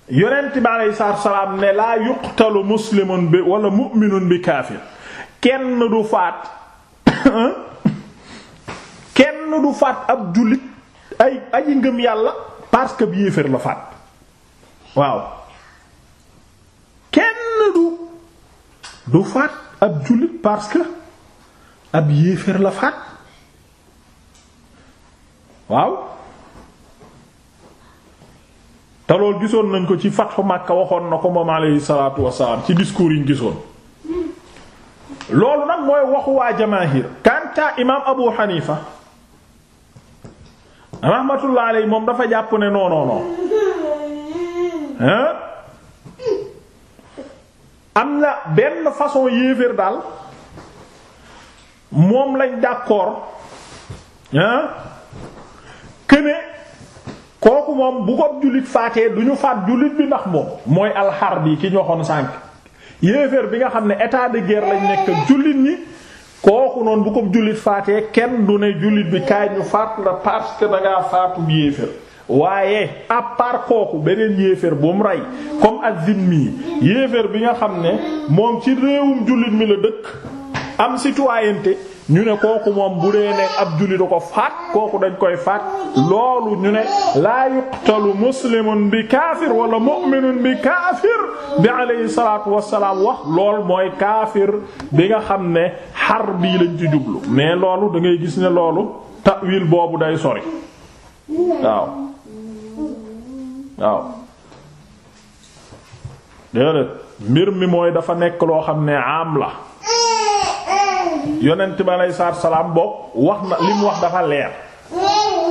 yonent bi aleyhi salaatu salaam ne laa yuqtalu muslimun bi wala mu'minun bi kaafir kenn du faat [coughs] kenn du faat ab jullit ay aji ngëm yàlla parce que bi yéeféer la faat waaw kenn du du faat ab jullit parce ab yéeféer la faat waaw te loolu gisoon nañ ko ci fatxu Makka waxoon na ko moom alayhi salaatu wasalaam ci discours yi ñu gisoon loolu nag mooy waxu waa jamaahir kanta imaam Abu Hanifa rahmatullah alayhi moom dafa jàpp ne non non non hein am na benn façon yéeféer daal moom lañ d'accord hein këne kooku moom bu ko jullit faatee du ñu faat jullit bi ndax moom mooy alxar bi ki ñoxoon sànk yéeféer bi nga xam ne état de guerre lañ nekk jullit ñi kooku noonu bu ko jullit faatee kenn du ne jullit bi kaay ñu faat la parce que da ngaa faatu yéeféer waaye à part kooku beneen yéeféer bu mu rey comme azim mi yéeféer bi nga xam ne moom ci réewum jullit mi la dëkk am citoyenneté ñu ne kooku moom bu dee ne ab jullit da ko faat kooku dañ koy faat loolu ñu ne laa yuqtalu muslimun bi kaafir wala mu'minun bi kaafir bi alayhi salaatu wassalaam wax lool mooy kaafir bi nga xam ne xar bii lañ ci jublu mais loolu dangay gis ne loolu ta'wil boobu day sori waaw waaw déedéet mbir mi mooy dafa nekk loo xam ne am la yonent bi aleyhi salaatu salaam wax na li wax dafa leer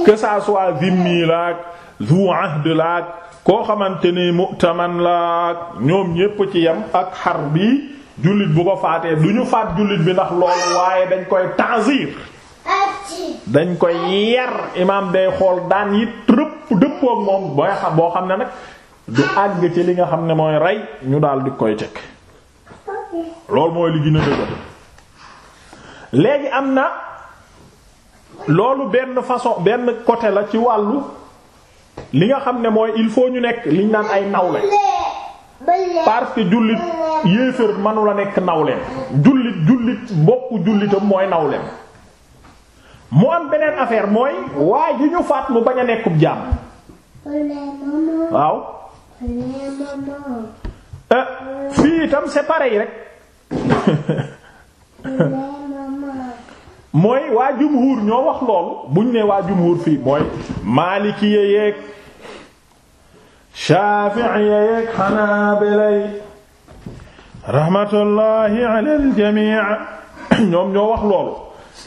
que ça soit zimmi laak zu laak koo xamante ni mu'taman laak ñoom ñépp ci yem ak xar bi jullit bu ko faatee du ñu faat jullit bi ndax loolu waaye dañ koy ta'zir dañ koy yar imaam day xool daan yi rëpp dëppoo moom xam boo xam ne nag du àgg ci li nga xam ne mooy rey ñu daal di koy teg loolu mooy li gën a dëgër léegi am na loolu benn façon benn côté la ci wàllu li nga xam ne mooy il faut ñu nekk liñ naan ay nawle parce que jullit yéefër manu nekk nawleem jullit jullit bokk jullitam mooy nawleem mu am beneen affaire mooy waaye ji ñu faat mu bañ a nekkub jàmm waaw eh, fii itam c'est pareil rek [laughs] mooy waa jumhur ñoo wax loolu buñ ne waa jumhur fii mooy maaliki ya yeeg shaafi'i ya yeeg xanaabilay rahmatullahi ala aljamii [coughs] ñoom ñoo wax loolu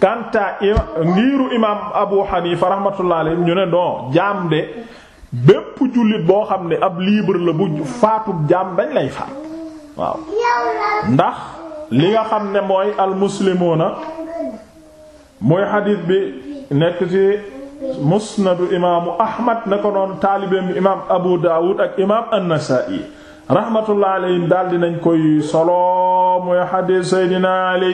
kanta ngiiru imam abu xanifa rahmatullahi alayhi ñu ne don jaam de bépp jullit boo xam ne ab libre la bu faatub jaam dañ lay faat waaw ndax li nga xam ne mooy almuslimuuna mooy xadiis bi nekk ci musnadu imaamu ahmad na ko noon taalibeem bi imaam abu daawud ak imaam an-nasaa'i rahmatullah alayhim daal koy solo mooy xadiis seydina ali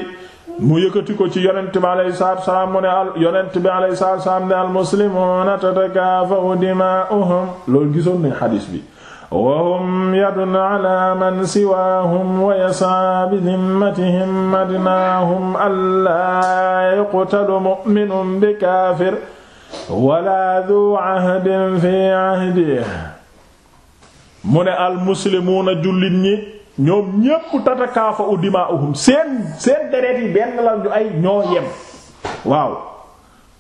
mu yëkkati ko ci yonent bi alayhi salaatu wasalaam mu ne al yonent bi alayhi salaatu wasalaam ne al muslimuuna tatakaafa dimaa'uhum loolu gisoon nañ xadiis bi wahum yadun ala man siwaahum wa yasaa bi dimmatihim adnaahum allaa yuqtalu mu'minun bi kaafir wala du ahdin fi ahdihi mu ne almuslimuuna jullit ñi ñoom ñépp tatakaafa u dimaa'uhum seen seen benn la ñu yem waaw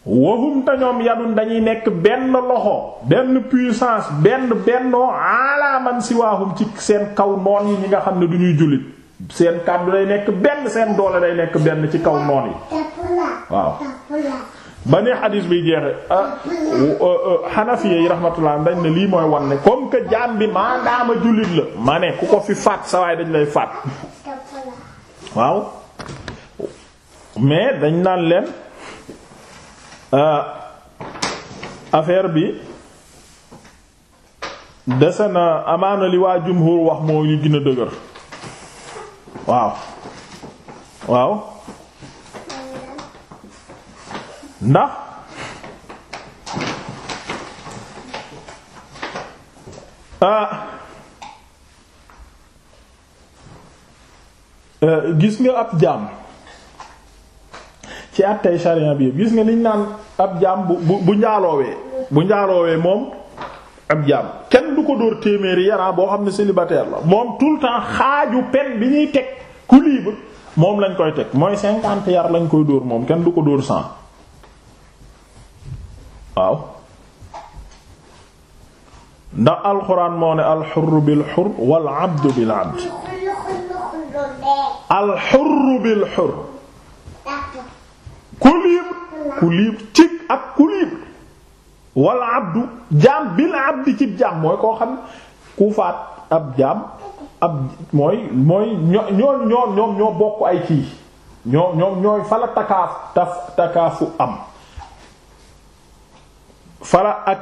wahum te ñoom yadun dañuy nekk benn loxo benn puissance benn bennoo alaaman si ci seen kaw noon yi ñi nga xam ne du ñuy jullit seen kàddu day nekk benn seen doole day nekk benn ci kaw noon yi waaw ba ne xadis biy jeexe xanafi ah, ah, ah, yi rahmatullah dañ ne lii mooy wan ne comme que jaam bi maadaama jullit la ma ne ku ko fi faat sa dañ lay faat waaw mais dañ naan leen Euh, affaire bi dese na amaana li waa jumhur wax moo li gën a dëgër waaw waaw ndax ah, euh, gis nga ab jaam ci attey sharia bi gis nga niñ naan ab jaam bu bu bu njaaloowee bu njaaloowee moom ab jaam kenn du ko dóor téeméeri yaraa boo xam ne célibataire la moom tout le temps xaaju peine bi ñuy teg ku libre moom lañ koy teg mooy cinquante yar lañ koy dóor moom kenn du ko dóor cent waaw ndax alxuraan moo ne alxurru bil xurr wal abdu bil abd alxurru bil xurr ku libre ku libre cig ak ku libre wala abdu jaam bil abdi cib jaam mooy koo xam ku ab jaam ab mooy mooy ñoo ñoo ñoo ñoom ñoo bokk ay kii ñoo ñoom ñooy fala takaaf taf takaafu am fala ak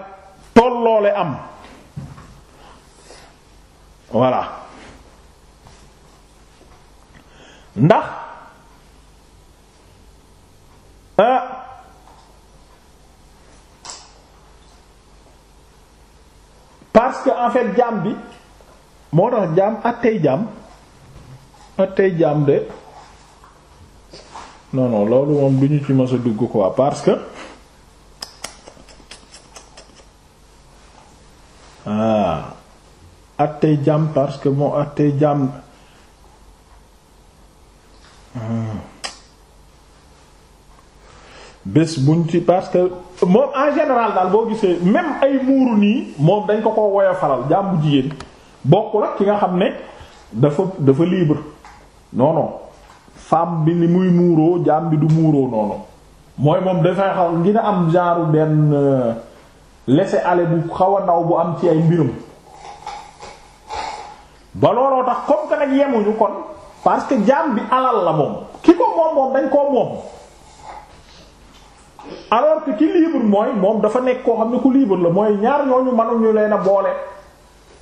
tolloole am voilà ndax ah parce que en fait jaam bi moo tax jaam ak tey jaam ak tey jaam de non loolu moom du ñu ci mës a dugg quoi parce que ah ak jaam parce que moo ak tey jaam. Hmm. bés buñ ci parce que moom en général daal boo gisee même ay muuru nii moom dañ ko ko woyofaral jàmbu jigéen bokk la ki nga xam ne dafa dafa libre non non bi ni muy muuroo jaam bi du muuroo noonu mooy moom dafay xaw dina am genre benn euh, laisser-aller bu xaw a ndaw bu am ci ay mbirum ba looloo tax comme que nag yemuñu kon parce que jaam bi alal la moom ki ko moom moom dañ koo moom. alors que ki libre mooy moom dafa nekk koo xam ne ku libre la mooy ñaar ñooñu mënuñu leen a boole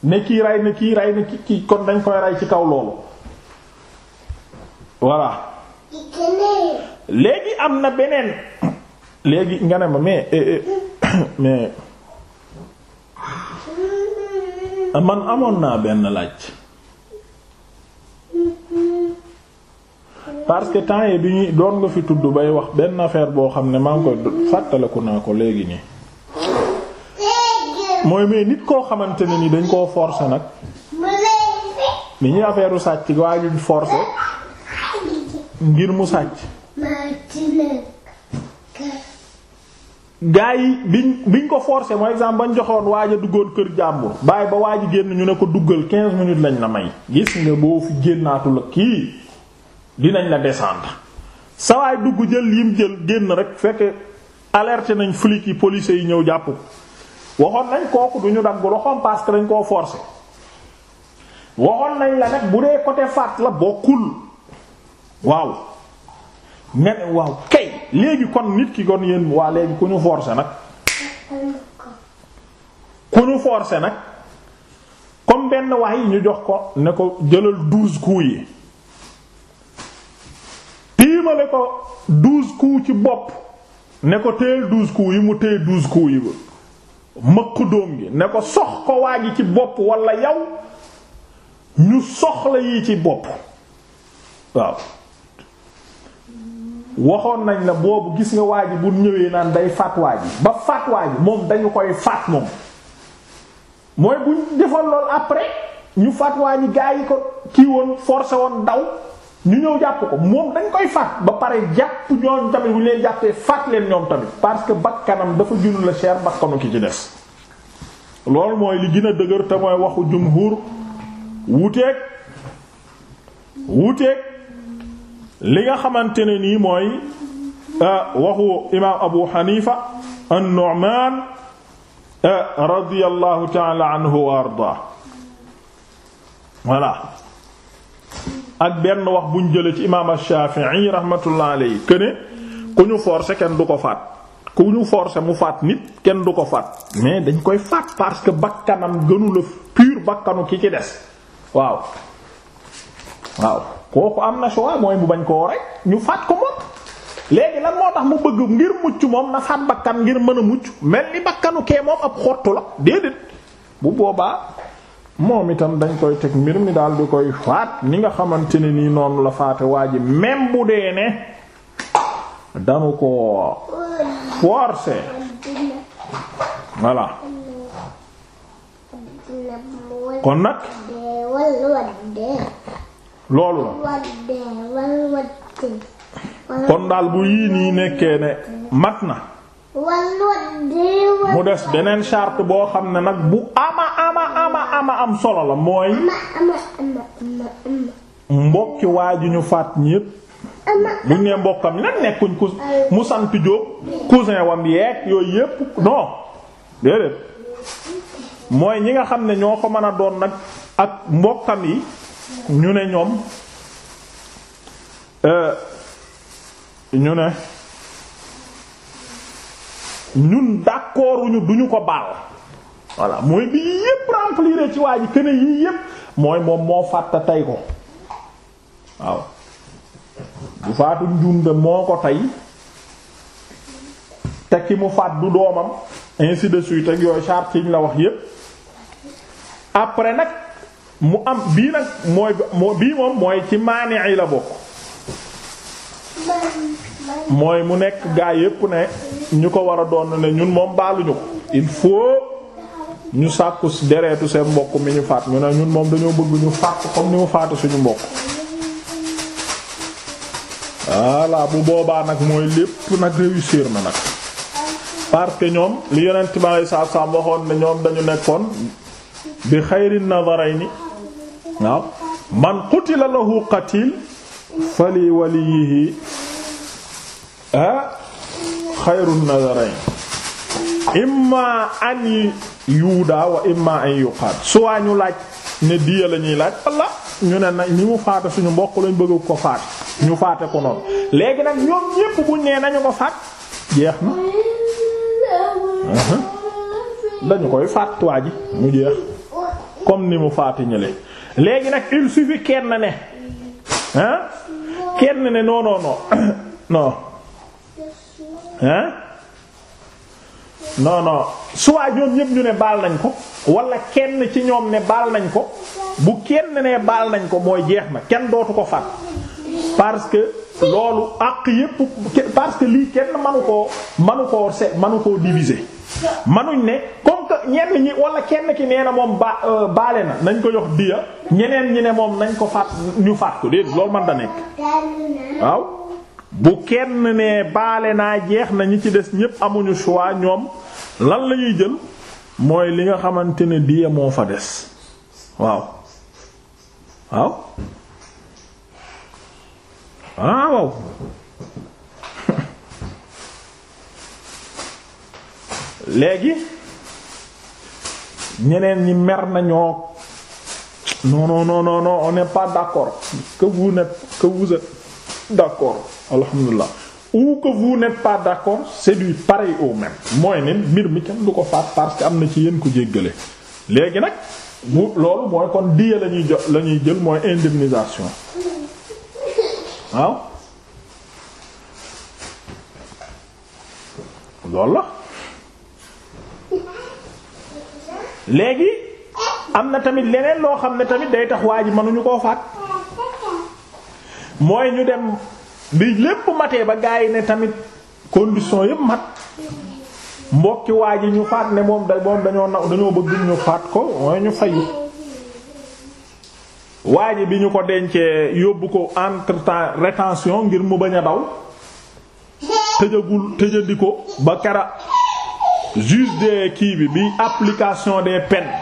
ne kii ray na kii rey na kii kon dañ koy ray ci kaw loolu voilà. léegi am na beneen léegi nga ne ma mais eh, eh, [coughs] mais man amoon naa benn laaj. parce que temps yi bi ñuy doon nga fi tudd bay wax benn affaire boo xam ne maa ngi koy fàttaliku naa ko léegi nii. mooy mais nit koo xamante ne ni dañ koo forcer nag. li ñuy affaire sàcc waa juñ forcer ngir mu sàcc. gaa yi bi biñ ko forcer mooy exemple bañ joxoon waaj duggoon kër jàmbur bàyyi ba waaj génn ñu ne ko duggal 15 minutes lañ la may gis nga boo fi génnaatul kii. dinañ la descendre sawaay dugg jël yim jël génn rek fekke alerté nañ flics yi police yi ñëw jàpp waxoon nañ kooku ñu dagg loxoom parce que dañ koo forcer waxoon nañ bu dee côté faat la bokkul waaw nga ne waaw kay léegi kon nit ki kon yéen waa léegi ku ñu forcer nag ku ñu forcer nag comme benn waay ñu jox ko ne ko jëlal douze coups yi jëmale ko douze coups ci bopp ne ko téyel douze coups yi mu téye duus coups yi ba mëq doom gi ne ko sox ko waa ji ci bopp walla yow ñu soxla yi ci bopp waaw waxoon nañ la boobu gis nga waa ji bu ñëwee naan day faat ji ba faat waa ji moom dañu koy fat moom mooy buñ defal lool après ñu faat waa ji gaa yi ko kii woon forcé woon daw ñu ñëw jàpp ko moom dañ koy faat ba pare jàpp ñoom tamit bu ñu leen jàppee faat leen ñoom tamit parce que bakkanam dafa gënu la cher bakkanu ki ci def loolu mooy li gën a dëgër te mooy waxu jumhur wuuteeg wuuteeg li nga xamante ne nii mooy euh, waxu imaam Abu Hanifa an-Nu'man euh, radiyallahu ta'ala anhu wa arda voilà ak benn wax buñ jële ci imaam Shaafi'i rahmatullah alayhi que ne ku ñu forcer kenn du ko faat ku ñu forcer mu faat nit kenn du ko faat mais dañ koy faat parce que bakkanam gënu pur bakkanu ki ci des waaw waaw kooku am na choix mooy mu bañ koo rek ñu faat ko moom léegi lan moo tax mu bëgg ngir mucc moom na faat bakkan ngir mën a mucc mel ni bakkanu moom ab xottu la déedéet bu boobaa moom itam dañ koy teg mbir mi daal di koy faat ni nga xamante ne nii noonu la faate waa ji même bu dee ne dañu ko forcer voilà kon nag loolu kon daal bu yii nii nekkee ne mat na mu des beneen charte boo xam ne nag bu ama ama ama ama am solo la mooy mbokki waa ju ñu faat ñépp buñ nee mbokkam nag nekkuñ ku mu sant Jóob cousin wam yeeg yooyu yépp non déedéet mooy ñi nga xam ne ñoo ko mën a doon nag ak mbokkam yi ñu ne ñoom euh, ñu ne ñun d'accord duñu ko baal voilà mooy bi yépp remplir ci waa ji kene yii yépp mooy moom moo fàtte tey ko waaw bu faatu njuum de moo ko tey te ki mu faat du doomam ainsi de suite ak yooyu charte yi ñu la wax yépp après nag mu am bii nag mooy bii moom mooy ci maani yi la bokk mooy mu nekk gaa yépp ne ñu ko war a doon ne ñun moom baaluñu ko il faut ñu sàkku deretu seen mbokk mi ñu faat ñu ne ñun moom dañoo bëgg ñu faat comme ni mu faatu suñu mbokk voilà bu boobaa nag mooy lépp nag réussir na nag parce que ñoom li yonent bi alei saatu salaam waxoon ne ñoom dañu nekkoon bi xayri nadarayni waaw man qutila lahu qatil fali waliyihi ah xayru nazarayn imma an yuuda wa imma an yuqaat suwaa ñu laaj ne diya lañuy laaj walla ñu ne nag ñi mu faata suñu mbokk lañ bëgg ko faat ñu faate ko noonu léegi nag ñoom ñépp buñ nee nañu ko faat jeex na dañu koy faat waa ji mu jeex comme ni mu faati ñële léegi nag il suffit kenn ne kenn ne non [coughs] hein non non soit ñoom ñu ne baal nañ ko wala kenn ci ñoom ne baal nañ ko bu kenn nee baal nañ ko mooy jeex na kenn dootu ko fat parce que loolu àq yépp parce que lii kenn manu koo manu ko set manu koo diviser manuñ ne comme que ñenn ñi wala kenn ki nee na moom ba euh, baale na nañ ko jox diya ñeneen ñi ne moom nañ ko faat ñu faat ko déedéet loolu man da nekk waaw bu kenn ne baale naa jeex nañu ci des ñépp amuñu choix ñoom lan lañuy ñuy jël mooy li nga xamante ne diya moo fa des waaw waaw ah, [laughs] léegi ñeneen ñi mer nañoo non non non non on n'est pas d'accord que vous n'êtes que vous êtes d'accord alhamdulilah ou que vous n'êtes pas d'accord c'est du pareil au même mooy ne mbir mi kenn du ko faat parce que am na ci yéen ko jéggale léegi nag bu loolu mooy kon diya la ñuy jo la jël mooy indemnisation waaw loolu la léegi am na tamit leneen loo xam ne tamit day tax waa ji mënuñu koo faat mooy ñu dem bi lépp matee ba gaa yi ne tamit condition yëpp mat mbokki waa ji ñu faat ne moom da moom dañoo naw dañoo bëgg ñu faat ko mooy ñu fayu waa bi ñu ko dencee yóbbu ko entre temps ngir mu bañ a daw tëjagul tëjadi ba kera juge de kii bi bi application des peines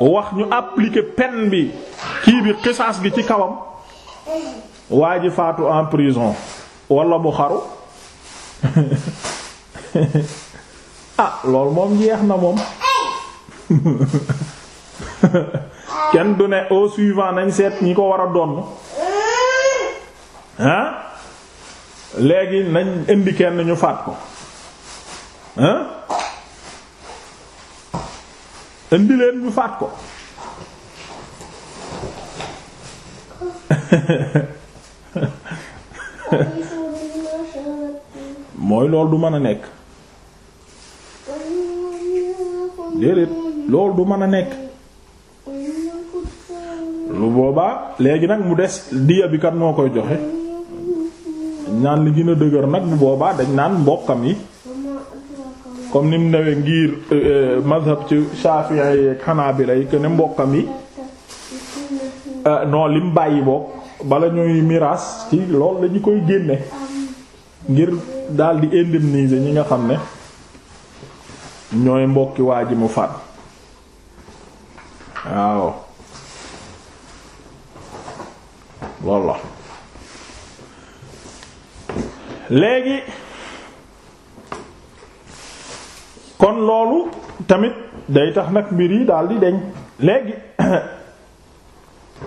wax ñu appliquer pen bi kii bi xisaas gi ci kawam waa ji faatu en prison wala bu xaru [laughs] ah loolu moom jeex na moom [laughs] kenn du ne au suivant nañ seet ñi ko war a donn ah léegi nañ indi kenn ñu faat ko ah indi leen ñu faat ko [laughs] mooy loolu du mën a nekk déedéet loolu du mën a nekk lu boobaa léegi nag mu des diya bi kat noo koy joxe ñaan li gën a dëgër nag bu boobaa dañ naan mbokkam yi comme ni mu newee ngir euh, euh, mazhab ci Shafi'i ak xanaa yi que ne mbokkam yi euh, non lim bàyyi bokk bala ñuy miraas ci lool dañu koy génne ngir daldi indemniser ñi nga xam ne ñooy mbokki waa ji mu faat waaw lool léegi kon loolu tamit day tax nag mbir yi daldi deñ léegi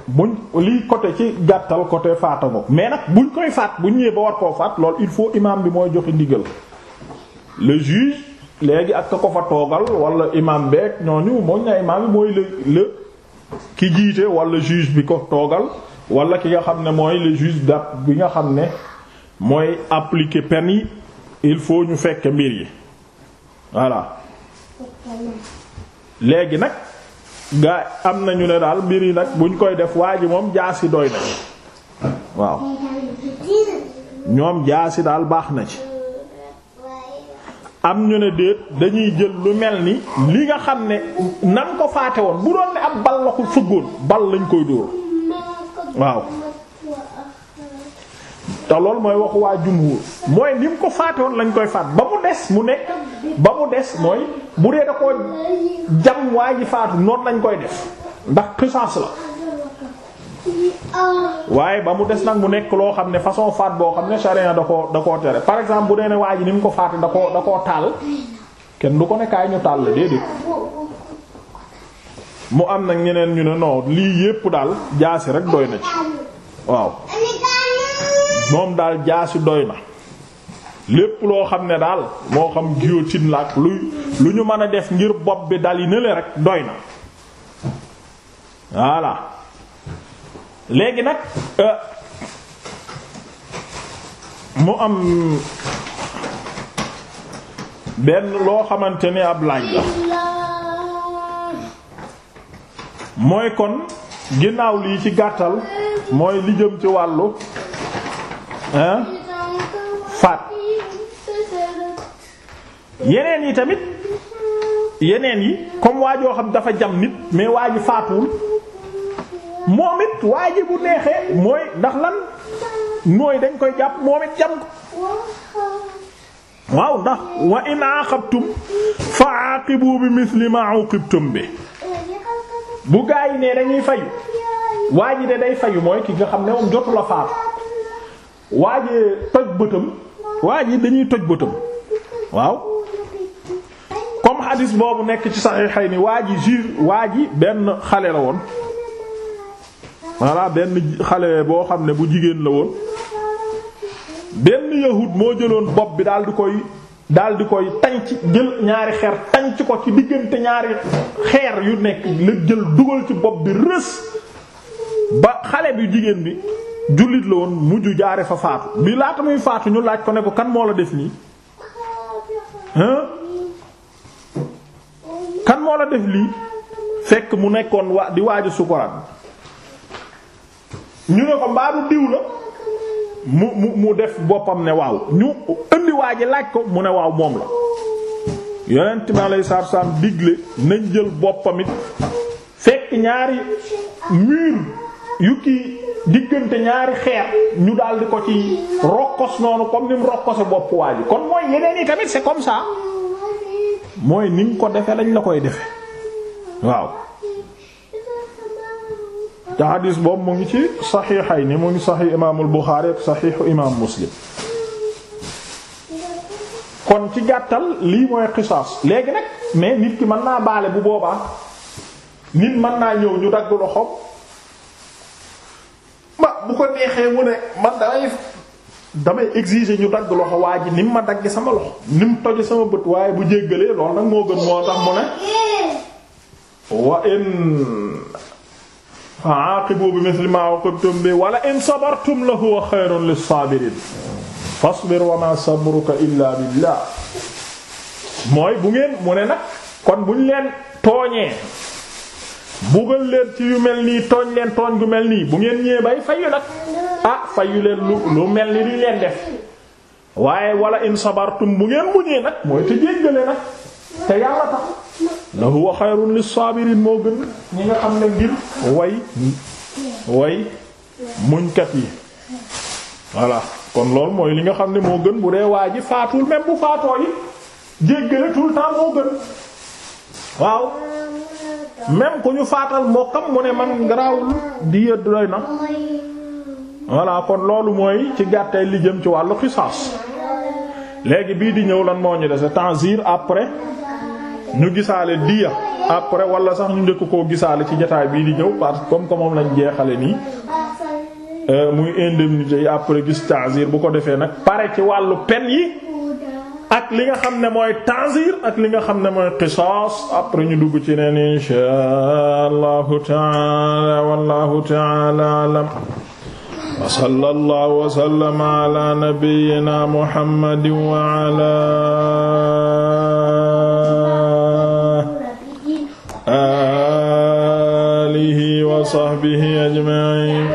buñ lii côté ci gàttal côté faata ngoog mais nag buñ koy faat buñ ñëwee ba war koo faat lool il faut imam bi mooy joxe ndigal le juge léegi ak ka ko fa toogal wala imam beeg ñooñu mooñ na imam bi mooy le le ki jiite wala juge bi ko toogal wala ki nga xam ne mooy le juge date bi nga xam ne mooy appliquer pen yi il faut ñu fekk mbir yi voilà léegi nag gaa am nañu ne daal mbir yi nag buñ koy def waa ji moom jaasi doy na waaw ñoom jaasi daal baax na ci am ñu ne déet dañuy jël lu mel ni li nga xam ne nam ko faate woon bu doon ne ab bal la ko fëggoon bal lañ koy dóor waaw te loolu mooy waxu waa jumhur mooy ni mu ko faate woon lañ koy faat ba mu des mu nekk ba mu des mooy bu dee da koo jam waa ji faatu noonu lañ koy def ndax qisas waaye ba mu des nag mu nekk loo xam ne façon faat boo xam ne charia da koo da koo tere par exemple bu dee ne waa ji ni mu ko faate da ko da koo taal kenn du ko ne ñu taal la déedéet mu am na ñeneen ñu ne non lii yépp daal jaasi rek doy na ci waaw moom daal jaasi doy na lépp loo xam ne daal moo xam guillotine la ak lu ñu mën a def ngir bopp bi dal yi nële rek doy na voilà léegi nag euh, mu am benn loo xamante ni ab laaj la mooy kon ginnaaw lii ci gàttal mooy li jëm ci wàllu ah faat yeneen yi tamit yeneen yi comme waa joo xam dafa jam nit mais waa ji faatuwul moom it waa bu neexee mooy ndax lan nooy dañ koy jàpp moom it jam ko waaw ndax wa in aqabtum fa aqibu bi misli ma uqibtum bi bu gaa yi ne dañuy fayu waa ji de day fayu mooy ki nga xam ne moom jotu la faatu waajee toj waa waaje dañuy toj bëtam waaw comme xadis boobu nekk ci Sahihayni waa ji juif waa ji benn xale la woon voilà benn xale boo xam ne bu jigéen la woon benn yahud moo jëloon bopp bi daal di koy daal di koy tanc jël ñaari xeer tanc ko ci diggante ñaari xeer yu nekk la jël dugal ci bopp bi rës ba xale bi jigéen bi jullit la woon mujj fa faatu bi laata muy faatu ñu laaj ko ne ko kan moo la def nii kan moo la def lii fekk mu nekkoon wa di waaju sukuraat ñu ne ko mbaadu diw la mu mu mu def boppam ne waaw ñu indi waa ji laaj ko mu ne waaw moom la yonent bi alayhi salaatu digle nañ jël boppam fekk ñaari mur yu yukki diggante ñaari xeer ñu daal ko ci rokkos noonu comme ni mu rokkose bopp waa ji kon mooy yeneen yi tamit c'est comme ça mooy ni mu ko defee lañ la koy defe waaw. te hadis boobu mu ngi ci saxiixay ni mu ngi saxiix imaamul Buxaari ak saxiixu imaam Muslim kon ci gàttal lii mooy xisaas léegi nag mais nit ki mën naa baale bu boobaa nit mën naa ñëw ñu dagg loxoom neexee mu ne man damay damay exiger ñu dagg loxo waa ji ni ma dagg sama loxo ni mu toj sama bët waaye bu jéggalee loolu nag moo gën moo tax mu ne wa in fa'aqibu bi misli ma wala in sabartum la huwa xayrun lis-sabirin fasbir wa ma sabruka illa billah mooy bu ngeen mu ne nag kon buñ leen tooñee bugal leen ci yu mel nii tooñ leen tooñ gu mel nii bu ngeen ñëwee bay fayu nag ah fayu leen lu lu mel ni li leen def waaye wala in sabartum bu ngeen muñee nag mooy te jéggale nag te yàlla tax la huwa xayrun lis-saabiriin moo gën ñi nga xam ne ngir way way muñkat yi voilà kon loolu mooy li nga xam ne moo gën bu dee waa ji faatul même bu faatoo yi jéggale tout le moo gën waaw même ku ñu faatal mbokkam mu ne man garaawul di yëdd na voilà kon loolu mooy ci gàttay li jëm ci wàllu xisaas léegi bii di ñëw lan moo ñu dese tanzir après ñu gisaale diya après wala sax ñu njëkk koo gisaale ci jotaay bii di ñëw parce que comme que moom jeexale nii euh, muy indemnité yi après gis tanzir bu ko defee nag pare ci wàllu pen yi ak li nga xam ne mooy tanzir ak li nga xam ne mooy qisaas après ñu dugg ci neen insha allahu taala wallahu taala alam wa sallallahu wa sallama ala nabiyyina muhammadin wa ala alihi wa sahbihi ajma'in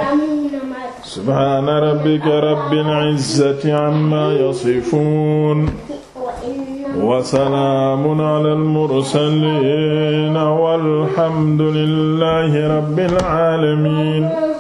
subhana rabbika rabbil izzati amma yasifun wa salaamun alal mursaliin walhamdu lillahi rabbil aalamiin